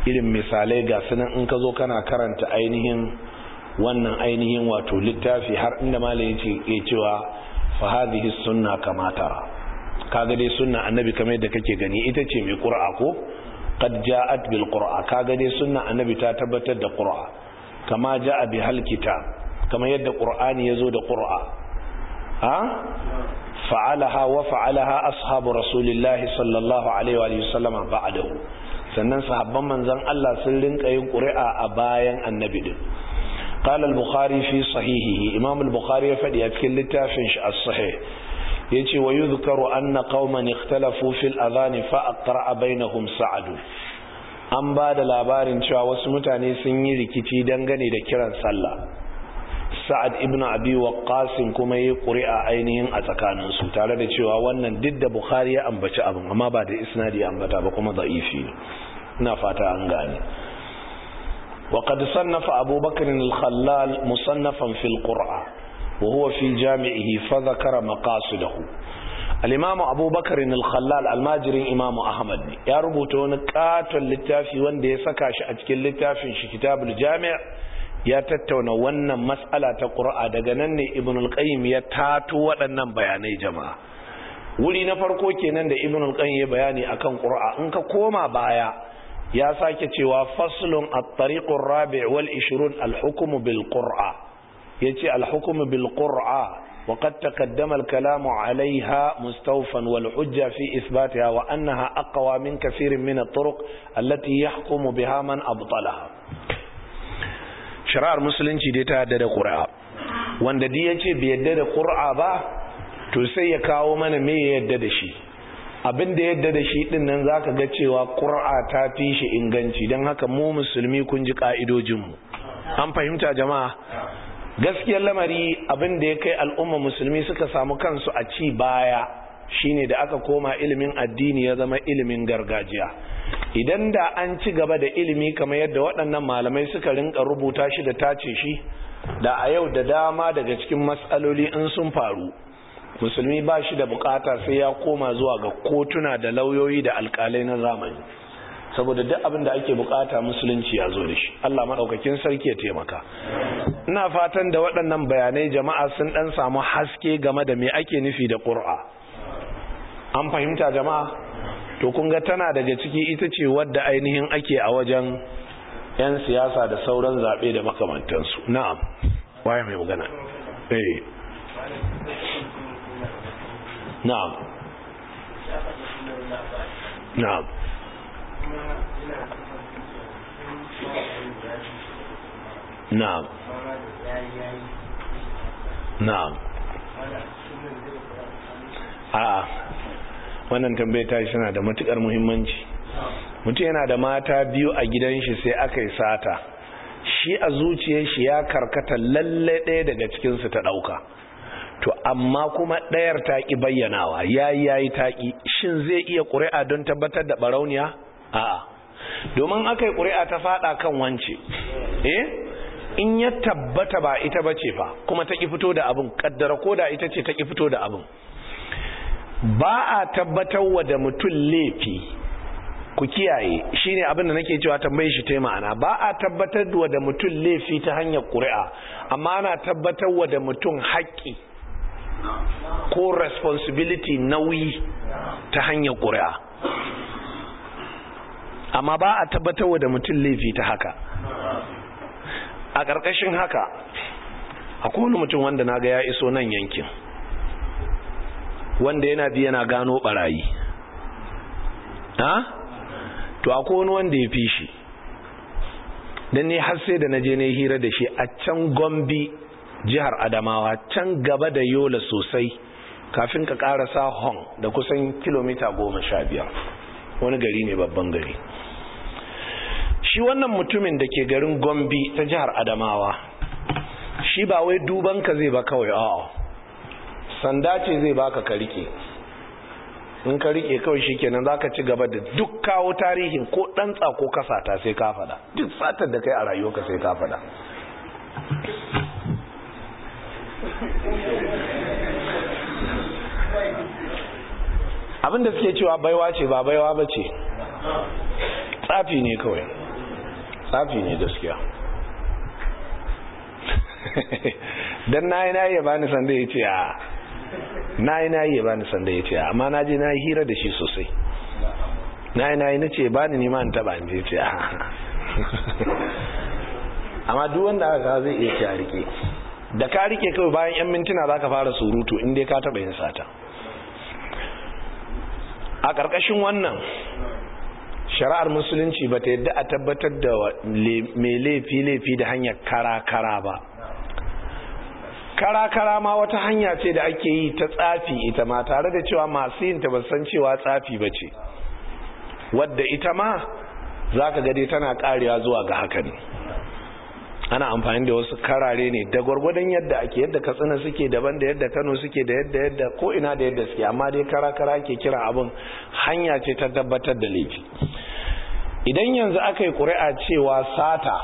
irin misalai ga sunan in ka zo kana karanta ainihin wannan ainihin wato littafi har inda malam ya ce ke cewa fa hadhihi sunna kama tara kaga dai sunna annabi kamar yadda kake gani ita ce mai qur'a ko qad ja'at bil qur'a kaga dai sunna annabi ta tabbatar da qur'a kama ja'a bi hal kamar yadda qur'ani yazo da qur'a ha fa'alaha wa fa'alaha ashabu rasulillahi sallallahu alaihi wa sallama ba'dahu sannan sahabban manzon Allah sun rinka yin ƙuri'a a bayan annabi din fi sahihi Imamul صحيحه ya faɗi a cikin littafin shi as-sahih ce wa yuzkaru anna qauman ikhtalafu fil azani fa aqra'a bainahum sa'd an ba da labarin cewa wasu mutane sun yi rikici dangane da kiran sallah sa'ad ibn abi waqqasin kuma yi ƙuri'a ainihin a tsakanin su tare da cewa wannan duk da bukhari ya ambaci abin amma ba da isnadi ya ambata ba kuma da'ifi na fata an gane wa musannafan وقد صنف أبو بكر الخلال مصنفا في القرآن وهو في جامعه فذكر مقاصده الإمام أبو بكر ya الماجري wani أحمد littafi wanda ya saka shi a cikin littafin shi kitabul الجامع ya tattauna wannan matsala ta ƙura'a daga nan ne ibn al-qayyim ya tato waɗannan bayanai jama'a wuri na farko kenan da ibn al-qayyim ya bayani akan ƙura'a in ka koma baya ya sake cewa faslun at-tariqur rabi' wal 20 al-hukm bil qur'a yace al-hukm bil qur'a وقد تقدم الكلام عليها مستوفا والحجة في إثباتها وأنها min من كثير من الطرق التي يحكم بها من أبطلها shari'ar musulunci dai ta yadda da ƙura wanda di yace bai yadda da ƙura ba to sai ya kawo mana me ya yadda da shi abin da yadda da shi din nan za ka ga cewa ƙura ta fi shi inganci don haka mu musulmi kun ji ƙa'idojinmu an fahimta jama'a gaskiyar lamari abin da ya kai al'umma musulmi suka samu kansu a ci baya shine da aka koma ilimin addini ya zama ilimin gargajiya idan da an ci gaba da ilimi kamar yadda waɗannan malamai suka rinka rubuta shi da tace shi da a yau da dama daga cikin matsaloli in sun faru musulmi ba shi da bukata sai ya koma zuwa ga kotuna da lauyoyi da alkalai na zamani saboda duk abin da ake bukata musulunci ya zo da shi Allah maɗaukakin sarki ya taimaka ina fatan da waɗannan bayanai jama'a sun ɗan samu haske game da me ake nufi da ƙura, an fahimta jama'a to kun ga tana daga ciki ita ce wadda ainihin ake a wajen 'yan siyasa da sauran zaɓe da makamantansu na'am waye mai magana eh na'am na'am na'am na'am a'a wannan tambayar ta tana da matukar muhimmanci mutum yana da mata biyu a gidan shi sai aka yi sata shi a zuciyar shi ya karkata lalle ɗaya daga cikin su ta ɗauka to amma kuma ɗayar ta ki bayyanawa yayi yayi ta ki shin zai iya ƙuri'a don tabbatar da barauniya a'a domin aka yi ƙuri'a ta faɗa kan wance eh in ya tabbata ba ita ba ce fa kuma ta ki fito da abin Ƙaddara ko da ita ce ta ki fito da abin ba a tabbatar wa da mutum laifi ku kiyaye shine abin da nake cewa tambaye shi ta ma'ana ba a tabbatar wa da mutum laifi ta hanyar ƙuri'a amma ana tabbatar wa da mutum haƙƙi ko responsibility nauyi ta hanyar ƙuri'a amma ba a tabbatar wa da mutum laifi ta haka a ƙarƙashin haka akwai wani mutum wanda na ga ya iso nan yankin wanda yana bi yana gano barayi ha to akwai wani wanda ya fi shi dan ne har sai da na naje ne hira da shi a can Gombe jihar Adamawa can gaba da Yola sosai kafin ka karasa Hong da kusan kilomita goma sha 15 wani gari ne babban gari shi wannan mutumin da ke garin Gombe ta jihar Adamawa shi ba wai duban ka zai ba kawai a'a sanda ce zai baka ka rike in ka rike kawai shikenan zaka ci gaba da duk kawo tarihin ko dan tsako kasata sai ka fada duk satar da kai a rayuwarka sai ka fada abinda suke cewa baiwa ce ba baiwa ba ce tsafi ne kawai tsafi ne gaskiya don na yi na yi ya bani sanda ya ce a ah, na yi na yi ya bani sanda ya ce amma na je na yi hira da shi sosai na yi na yi na ce bani nima an taba in ce amma duk wanda aka kawo zai iya ce a rike da ka rike kawai bayan yan mintuna za ka fara surutu inda ka taba yin sata a ƙarƙashin wannan shari'ar musulunci ba ta yadda a tabbatar da mai laifi-laifi da hanyar kara-kara ba kara-kara ma wata hanya ce da ake yi ta tsafi ita ma tare da cewa masu yin ta san cewa tsafi ba ce wadda ita ma za ka gade tana karewa zuwa ga haka ne ana amfani da wasu karare ne da gwargwadon yadda ake yadda katsina suke daban da yadda kano suke da yadda yadda ko ina da yadda suke amma dai kara-kara ke kira abin hanya ce ta tabbatar da laifi idan yanzu aka yi ƙuri'a cewa sata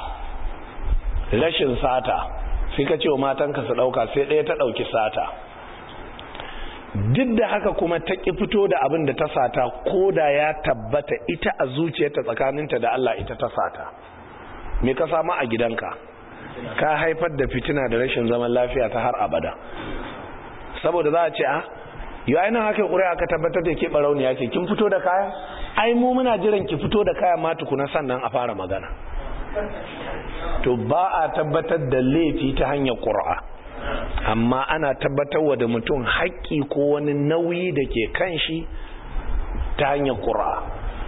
rashin sata sai ka ce wa matanka su ɗauka sai ɗaya ta ɗauki sata duk da haka kuma ta ki fito da abin da ta sata ko da ya tabbata ita a zuciyarta tsakaninta da Allah ita ta sata me ka samu a gidanka ka haifar da fitina da rashin zaman lafiya ta har abada saboda za a ce a ah, yi ainihin haka ƙuri'a ka tabbatar da ke ɓarauniya ce kin fito da kaya ai mu muna jiran ki fito da kaya ma tukuna sannan a fara magana to ba a tabbatar da laifi ta hanyar ƙura amma ana tabbatar wa da mutum haƙƙi ko wani nauyi da ke kan shi ta hanyar ƙura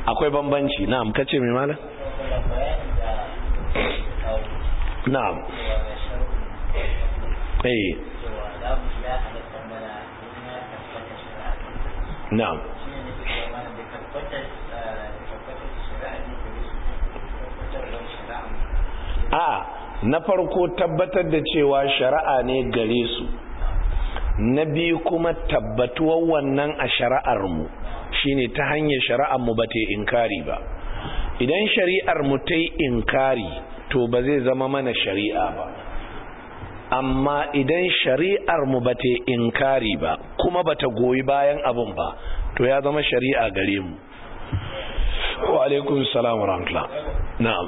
akwai bambanci na'am ce mai malam na'am eh na'am a na farko tabbatar da cewa shari'a ne gare su na biyu kuma tabbatuwar wannan a shari'ar mu shine ta hanyar shari'ar mu ba ta inkari ba idan shari'ar mu ta inkari to ba zai zama mana shari'a ba amma idan shari'ar mu ba ta inkari ba kuma ba ta goyi bayan abin ba to ya zama shari'a gare mu wa alaikun salam wa rahmatullah na'am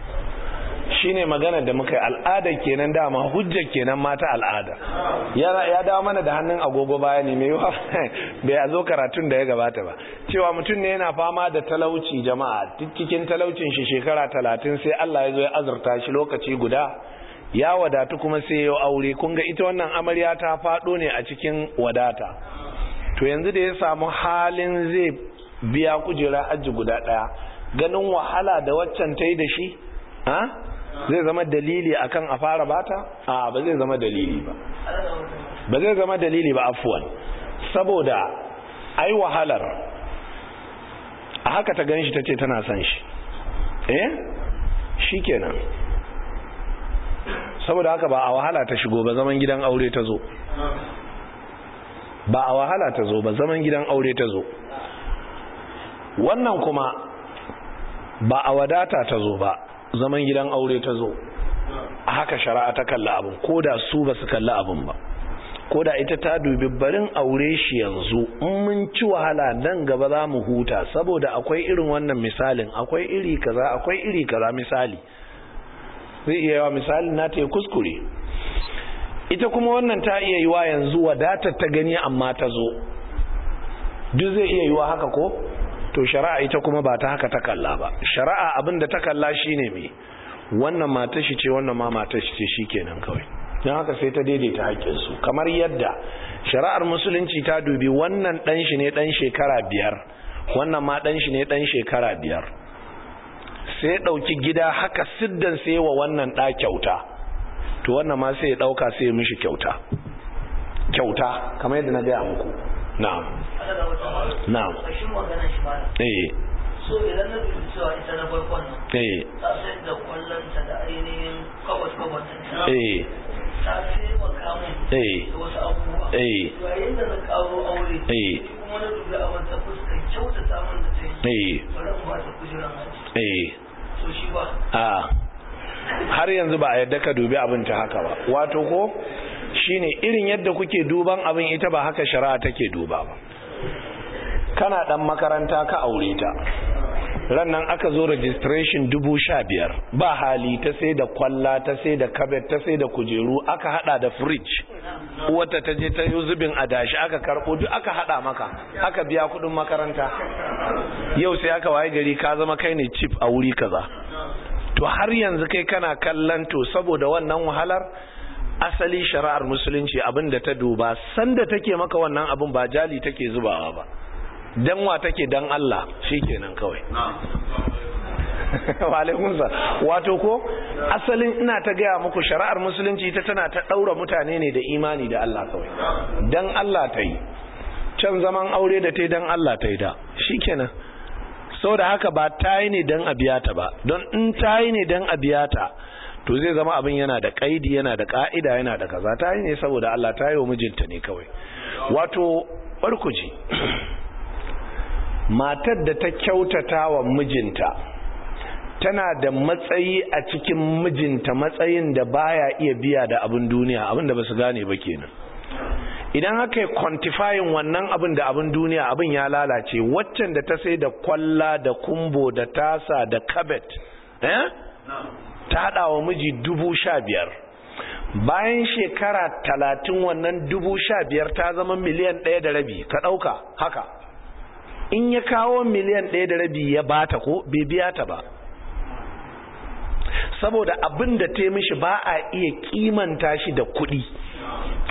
shine magana da muka yi al'ada kenan dama hujjar kenan mata al'ada ya dawo mana da hannun agogo baya ne mai bai a zo karatun da ya gabata ba cewa mutum ne yana fama da talauci jama'a cikin talaucin shi shekara talatin sai Allah ya zo ya azurta shi lokaci guda ya wadatu kuma sai ya aure kun ga ita wannan amarya ta faɗo ne a cikin wadata to yanzu da ya samu halin zai biya kujera aji guda ɗaya ganin wahala da waccan ta yi da shi ha zai zama dalili akan a fara bata a ba zai zama dalili ba ba zai zama dalili ba afuwan saboda ai wahalar a haka ta ganshi ce tana san shi eh shikenan saboda haka ba a wahala ta shigo ba zaman gidan aure ta zo ba a wahala ta zo ba zaman gidan aure ta zo wannan kuma ba a wadata ta zo ba zaman gidan aure ta zo haka shari'a ta kalla abin ko da su ba su kalla abin ba ko da ita ta dubi barin aure shi yanzu mun ci wahala nan gaba za mu huta saboda akwai irin wannan misalin akwai iri kaza akwai iri kaza misali zai iya yawa misalin na ta kuskure ita kuma wannan ta iya yiwa yanzu wadatar ta gani amma ta zo duk zai iya yiwa haka ko to shari'a ita kuma ba ta haka ta kalla ba shari'a abinda da ta kalla shine me wannan matar shi ce wannan ma matar shi ce shikenan kawai don haka sai ta daidaita hakkin su kamar yadda shari'ar musulunci ta dubi wannan dan shi ne dan shekara biyar wannan ma dan shi ne dan shekara biyar sai ɗauki gida haka siddan sai wa wannan ɗa kyauta to wannan ma sai ya ɗauka sai ya mishi kyauta kyauta kamar yadda na gaya muku na'am na'am eh so idan na bi cewa ita na farkon nan eh ta sai da kullun ta da ainihin kawai kawai ta eh ta sai makamun eh wasu abubuwa eh yayin da na karo aure eh kuma na dubi a wata fuskar kyauta ta mun da ta yi eh bari ba ta kujeran haji eh so shi ba a ah. har yanzu ba a yadda ka dubi abin ta haka ba wato ko shine irin yadda kuke duban abin ita ba haka shari'a take duba ba kana dan makaranta ka aure ta rannan aka zo registration dubu sha biyar ba hali ta sai da kwalla ta sai da kabet ta sai da kujeru aka hada da fridge wata ta je ta yi zubin adashi aka karbo duk aka hada maka aka biya kudin makaranta yau sai aka waye gari ka zama kai ne chip a wuri kaza to har yanzu kai kana kallon to saboda wannan wahalar asali shari'ar musulunci abin da ta duba sanda take maka wannan abin ba jali take zubawa ba dan wa take dan Allah shikenan kawai Wa sa, wato ko asalin ina ta gaya muku shari'ar musulunci ita tana ta ɗaura mutane ne da imani da Allah kawai dan Allah ta yi can zaman aure da ta yi dan Allah ta yi da shi kenan sau da haka ba ta yi ne dan abiyata ba don in ta yi ne dan abiyata to zai zama abin yana da kaidi yana da ka'ida yana da kaza ta yi ne saboda Allah ta yi wa mijinta ne kawai wato barkuji matar da ta kyautata wa mijinta tana da matsayi a cikin mijinta matsayin da baya iya biya da abin duniya abin da ba su gane ba kenan idan haka yi kwantifayin wannan abin da abin duniya abin ya lalace waccan da ta sai da kwalla da kumbo da tasa da kabet eh ta haɗa wa miji dubu sha biyar bayan shekara talatin wannan dubu sha biyar ta zama miliyan ɗaya da rabi ka ɗauka haka in ya kawo miliyan ɗaya da rabi ya bata ko bai biya ta ba saboda abin da ta mishi ba a iya kimanta shi da kuɗi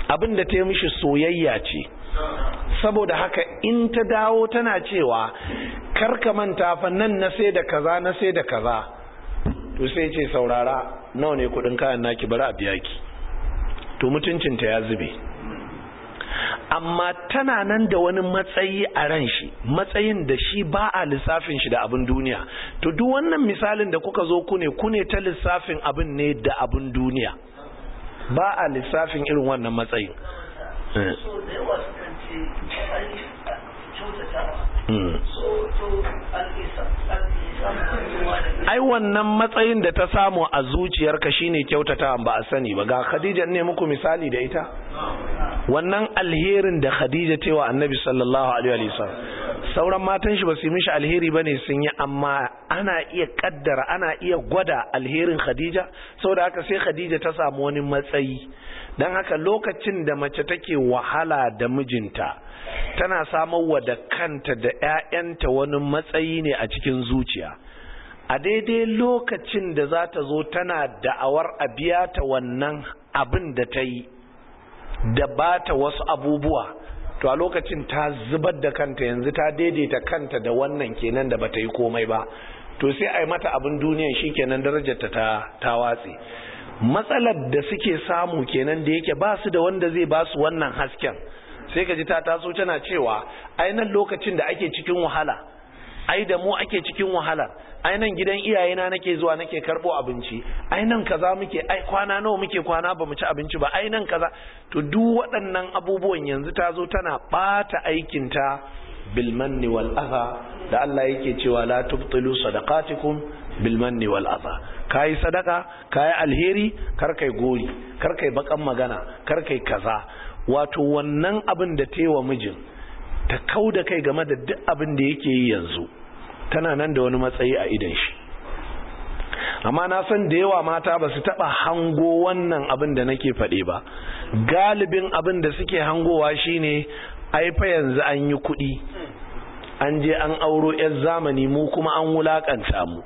abin da ta mishi soyayya ce saboda haka in ta dawo tana cewa karka manta fa nan na sai da kaza na sai da kaza to sai ce saurara nawa ne kudin kayan naki bari a biya ki to mutuncinta ya zube amma tana nan da wani matsayi a ran shi matsayin da shi ba a lissafin shi da abin duniya to duk wannan misalin da kuka zo ku ne, ku ne ta lissafin abin ne da abin duniya ba a lissafin irin wannan matsayin eh. ai wannan matsayin da ta samu a zuciyarka shine kyautata ba a sani ba ga Khadija ne muku misali da ita wannan alherin da Khadija ta wa Annabi sallallahu alaihi wa sauran matan shi ba su yi mishi alheri bane sun yi amma ana iya kaddara ana iya gwada alherin Khadija saboda haka sai Khadija ta samu wani matsayi dan haka lokacin da mace take wahala da mijinta tana samarwa da kanta da 'ya'yanta wani matsayi ne a cikin zuciya a daidai lokacin da za ta zo tana da'awar a biya ta wannan abin da ta yi da ba ta wasu abubuwa to a lokacin ta zubar da kanta yanzu ta daidaita kanta da wannan kenan da ba ta yi komai ba to sai a yi mata abin duniyan shi kenan darajarta ta ta watse matsalar da suke samu kenan da yake ba su da wanda zai ba su wannan hasken sai ka ji ta taso tana cewa ainihin lokacin da ake cikin wahala ai da mu ake cikin wahala ai nan gidan iyayena nake zuwa nake karbo abinci ai nan kaza muke ai kwana nawa muke kwana ba mu ci abinci ba ai nan kaza to duk waɗannan abubuwan yanzu ta zo tana ɓata aikinta bil manni wal adha da Allah yake cewa la tubtilu sadaqatikum bil manni wal adha kai sadaka kai alheri kar kai gori kar kai bakan magana kar kai kaza wato wannan abin da tewa mijin ta kau da kai game da duk abin da yake yi yanzu tana nan da wani matsayi a idan shi amma na san da yawa mata ba su taɓa hango wannan abin da nake faɗe ba galibin abin da suke hangowa shine ai fa yanzu an yi kuɗi an je an auro 'yar zamani mu kuma an wulaƙanta mu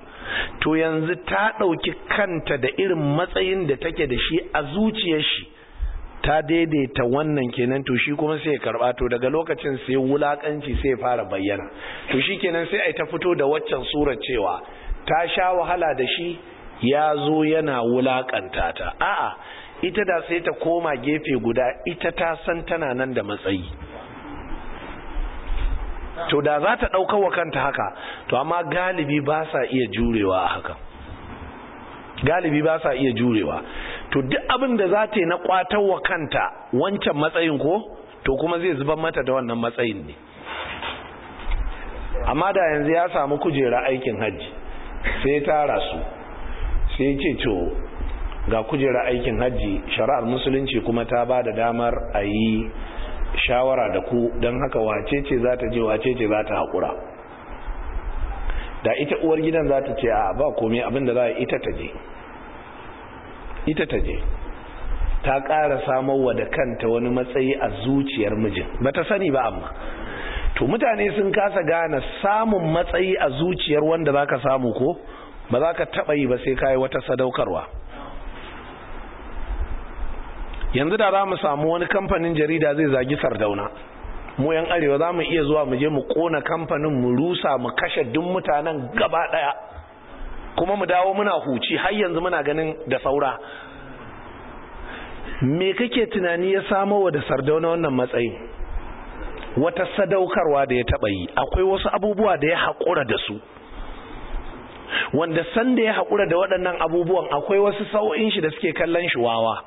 to yanzu ta ɗauki kanta da irin matsayin da take da shi a zuciyar shi ta daidaita wannan kenan to shi kuma sai karba to daga lokacin sai wulakanci sai fara bayyana to shi kenan sai a ta fito da waccan sura cewa ta sha wahala da shi ya zo yana wulakanta ta a'a ita da sai ta koma gefe guda ita ta san tana nan da matsayi to da za ta dauka wa kanta haka to amma galibi ba sa iya jurewa haka galibi ba sa iya jurewa to duk abin da za ta yi na kwatar wa kanta wancan matsayin ko to kuma zai zuban mata da wannan matsayin ne amma da yanzu ya samu kujera aikin hajji sai ta rasu sai ce to ga kujera aikin hajji shari'ar musulunci kuma ta ba da damar a yi shawara da ku don haka wace ce za ta je wace ce za ta haƙura da ita uwar gidan za ta ce a ba komai abinda za a ita ta je ita ta je ta ƙara samarwa da kanta wani matsayi a zuciyar mijin ba ta sani ba amma to mutane sun kasa gane samun matsayi a zuciyar wanda za ka samu ko ba za ka taɓa yi ba sai ka yi wata sadaukarwa yanzu da za mu samu wani kamfanin jarida zai zagi sardauna mu yan arewa za mu iya zuwa mu je mu ƙona kamfanin mu rusa mu kashe duk mutanen gaba ɗaya kuma mu dawo muna huci har yanzu muna ganin da saura me kake tunani ya samo wa da sardauna wannan matsayin wata sadaukarwa da ya taɓa yi akwai wasu abubuwa da ya haƙura da su wanda sanda ya haƙura da waɗannan abubuwan akwai wasu sau'in shi da suke kallon shi wawa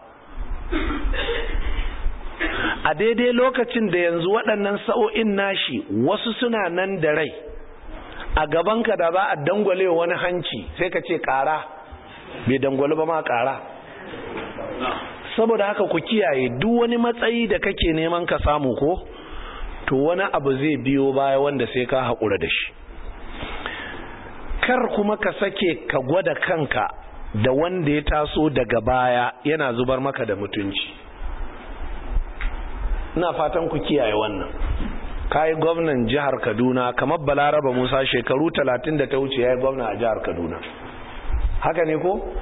a daidai lokacin da yanzu waɗannan sau'in nashi wasu suna nan da rai a gabanka da za a dangwale wani hanci sai ka ce ƙara bai dangwale ba ma ƙara saboda haka ku kiyaye duk wani matsayi da kake neman ka samu ko to wani abu zai biyo baya wanda sai ka haƙura da shi kar kuma ka sake ka gwada kanka da wanda ya taso daga baya yana zubar maka da mutunci ina fatan ku kiyaye wannan kayi gwamnan jihar kaduna kamar balaraba musa shekaru talatin da ta wuce ya yi gwamna a jihar kaduna haka ne ko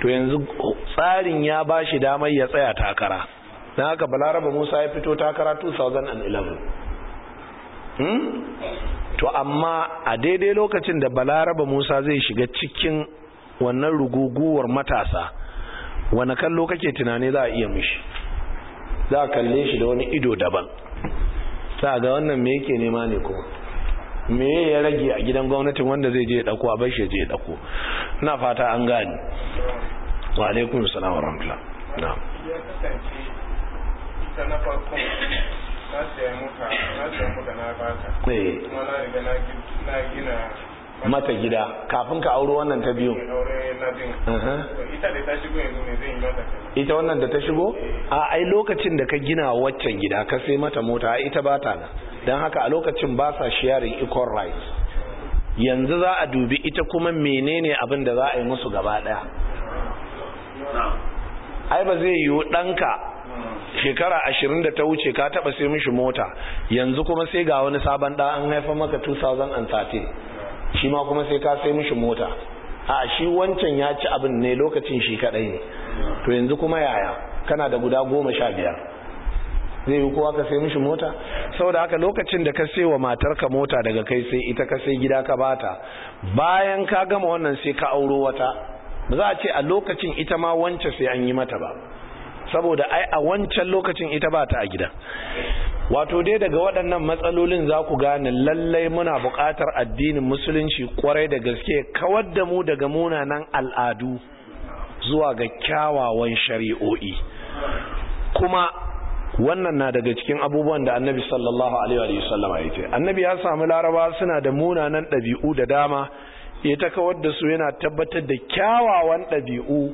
to yanzu tsarin ya ba shi damar ya tsaya takara na haka balaraba musa ya fito takara 2011 hmm? to amma a daidai lokacin da balaraba musa zai shiga cikin wannan ruguguwar matasa wani kallo kake tunani za a iya mishi za a kalle shi da wani ido daban sa ga wannan me yake nema ne ko? me ya rage a gidan gwamnatin wanda zai je ya dauko a bar shi je ya dauko ina fata an gani wa alaikum assalam wa rahmatullah na ita na farko na sayi muka na sayi muka na baka eh. mata gida kafin ka auro wannan ta biyu ita wannan da ta shigo a ai lokacin da ka gina waccan gida ka sai mata mota ita ba ta don haka a lokacin ba sa sharing equal rights yanzu za a dubi ita kuma menene abin da za a yi musu gaba daya ai ba zai yiwu ɗanka shekara ashirin da ta wuce ka taɓa sai mishi mota yanzu kuma sai ga wani sabon ɗa an haifa maka 2013 shi ma kuma sai ka sai mishi mota a shi wancan ya ci abin ne lokacin shi kadai ne to yanzu kuma yaya kana da guda goma sha biyar zai yi kowa ka sai mishi mota saboda haka lokacin da ka sai wa matar ka mota daga kai sai ita ka sai gida ka bata bayan ka gama wannan sai ka auro wata ba za a ce a lokacin ita ma wancan sai an yi mata ba saboda ai a wancan lokacin ita ba ta a gida wato dai daga waɗannan matsalolin za ku gane lallai muna buƙatar addinin musulunci kwarai da gaske kawar da mu daga munanan al'adu zuwa ga kyawawan shari'o'i kuma wannan na daga cikin abubuwan da annabi sallallahu alaihi wa sallama ya ce annabi ya samu laraba suna da munanan ɗabi'u da dama ya ta kawar da su yana tabbatar da kyawawan ɗabi'u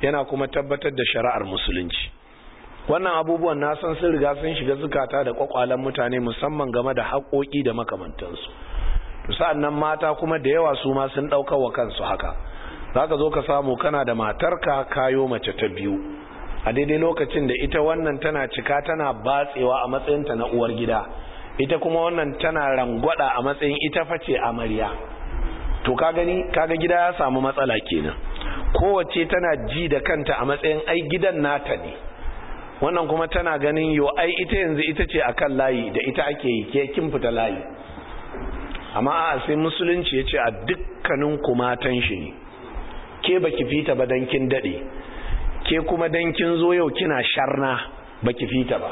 yana kuma tabbatar da shari'ar musulunci wannan abubuwan na san sun riga sun shiga zukata da kwakwalen mutane musamman game da haƙoƙi da makamantansu to sa'an nan mata kuma da yawa su ma sun ɗaukar wa kansu haka za ka zo ka samu kana da matar ka kayo mace ta biyu a daidai lokacin da ita wannan tana cika tana batsewa a matsayin ta na uwar gida ita kuma wannan tana rangwada a matsayin ita face amarya to ka gani kaga gida ya samu matsala kenan kowace tana ji da kanta a matsayin ai gidan nata ne wannan kuma tana ganin yo ai ita yanzu ita ce akan layi da ita ake yi ke kin fita layi amma a sai musulunci ya ce a dukkanin kumatan shi ne ke baki fita ba dan kin dade ke kuma dan kin zo yau kina sharna baki fita ba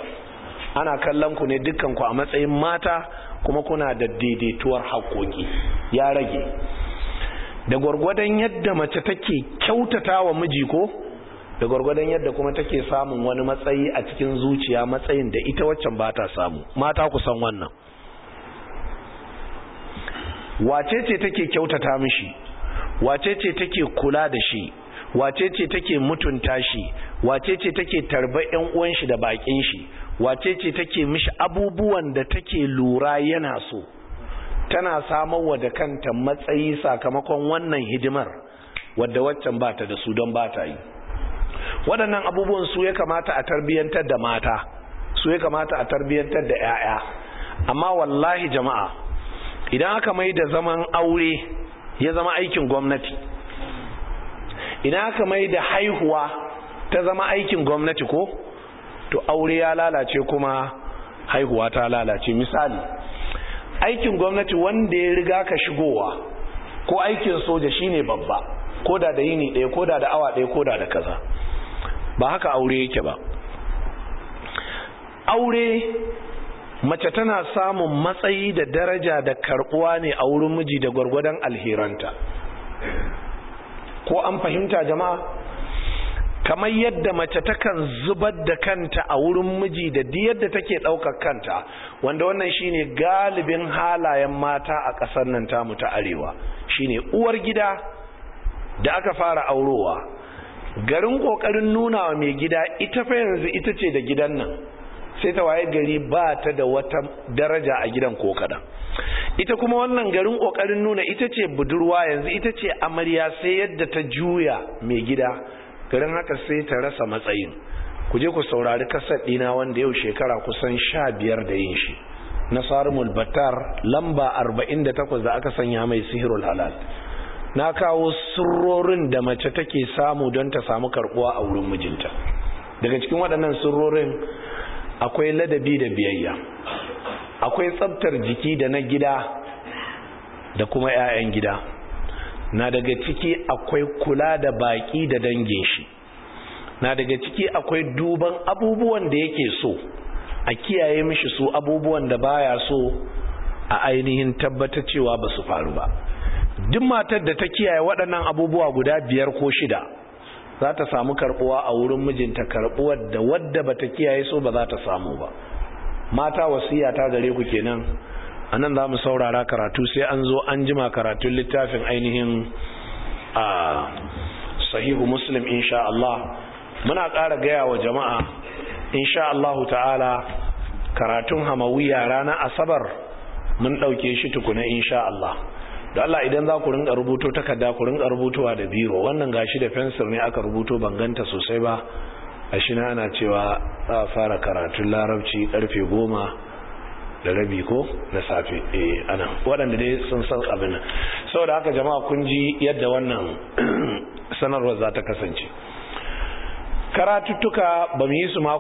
ana kallon ku ne dukkan ku a matsayin mata kuma kuna da daidaituwar haƙoƙi ya rage da gwargwadon yadda mace take kyautata wa miji ko da gwargwadon yadda kuma take samun wani matsayi a cikin zuciya matsayin da ita waccan ba ta samu mata ku san wannan wace ce take kyautata mishi wace ce take kula da shi wace ce take mutunta shi wace ce take tarba yan uwan shi da bakin shi wace ce take mishi abubuwan da take lura yana so tana samar wa da kanta matsayi sakamakon wannan hidimar wadda waccan ba ta da su don ba ta yi waɗannan abubuwan su ya kamata a tarbiyyantar da mata su ya kamata a tarbiyyantar da 'ya'ya amma wallahi jama'a idan aka mai da zaman aure ya zama aikin gwamnati idan aka mai da haihuwa ta zama aikin gwamnati ko to aure ya lalace kuma haihuwa ta lalace misali aikin gwamnati wanda ya riga ka shigowa ko aikin soja shine babba ko da da yini ɗaya ko da da awa ɗaya ko da da kaza ba haka aure yake ba aure mace tana samun matsayi da daraja da karbuwa ne a wurin miji da gwargwadon alheranta ko an fahimta jama'a kamar yadda mace takan zubar da kanta a wurin miji da yadda take ɗaukar kanta wanda wannan shine galibin halayen mata a ƙasar nan tamu ta arewa shine uwar gida da aka fara aurowa garin kokarin nuna wa mai gida ita fa yanzu ita ce da gidan nan sai ta waye gari ba ta da wata daraja a gidan ko kadan ita kuma wannan garin kokarin nuna ita ce budurwa yanzu ita ce amarya sai yadda ta juya mai gida garin haka sai ta rasa matsayin ku je ku saurari kasar ɗina wanda yau shekara kusan sha biyar da yin shi na batar lamba arba'in da takwas da aka sanya mai sihirul halal na kawo surorin da mace take samu don ta samu karbuwa a wurin mijinta daga cikin waɗannan surorin, akwai ladabi da biyayya akwai tsabtar jiki da na gida da kuma 'ya'yan gida na daga ciki akwai kula da baƙi da dangin shi na daga ciki akwai duban abubuwan da yake so a kiyaye mishi su abubuwan da baya so a ainihin tabbata cewa ba su faru ba duk matar da ta kiyaye waɗannan abubuwa guda biyar ko shida za ta samu karɓuwa a wurin mijinta karbuwar da wadda ba ta kiyaye so ba za ta samu ba mata wasiya ta gare ku kenan nan za mu saurara karatu sai an zo an jima karatun littafin ainihin a sahihu muslim insha Allah muna ƙara gaya wa jama'a insha Allah ta'ala karatun hamawiya ranar asabar mun ɗauke shi tukuna insha Allah da Allah idan za ku rinka rubuto takarda ku rinka rubutowa da biro wannan gashi da fensir ne aka rubuto banganta sosai ba a shi na ana cewa za a fara karatun larabci karfe goma da rabi ko na safe eh ana waɗanda dai sun san abin nan saboda haka jama'a kun ji yadda wannan sanarwar za ta kasance karatuttuka ba mu yi su mako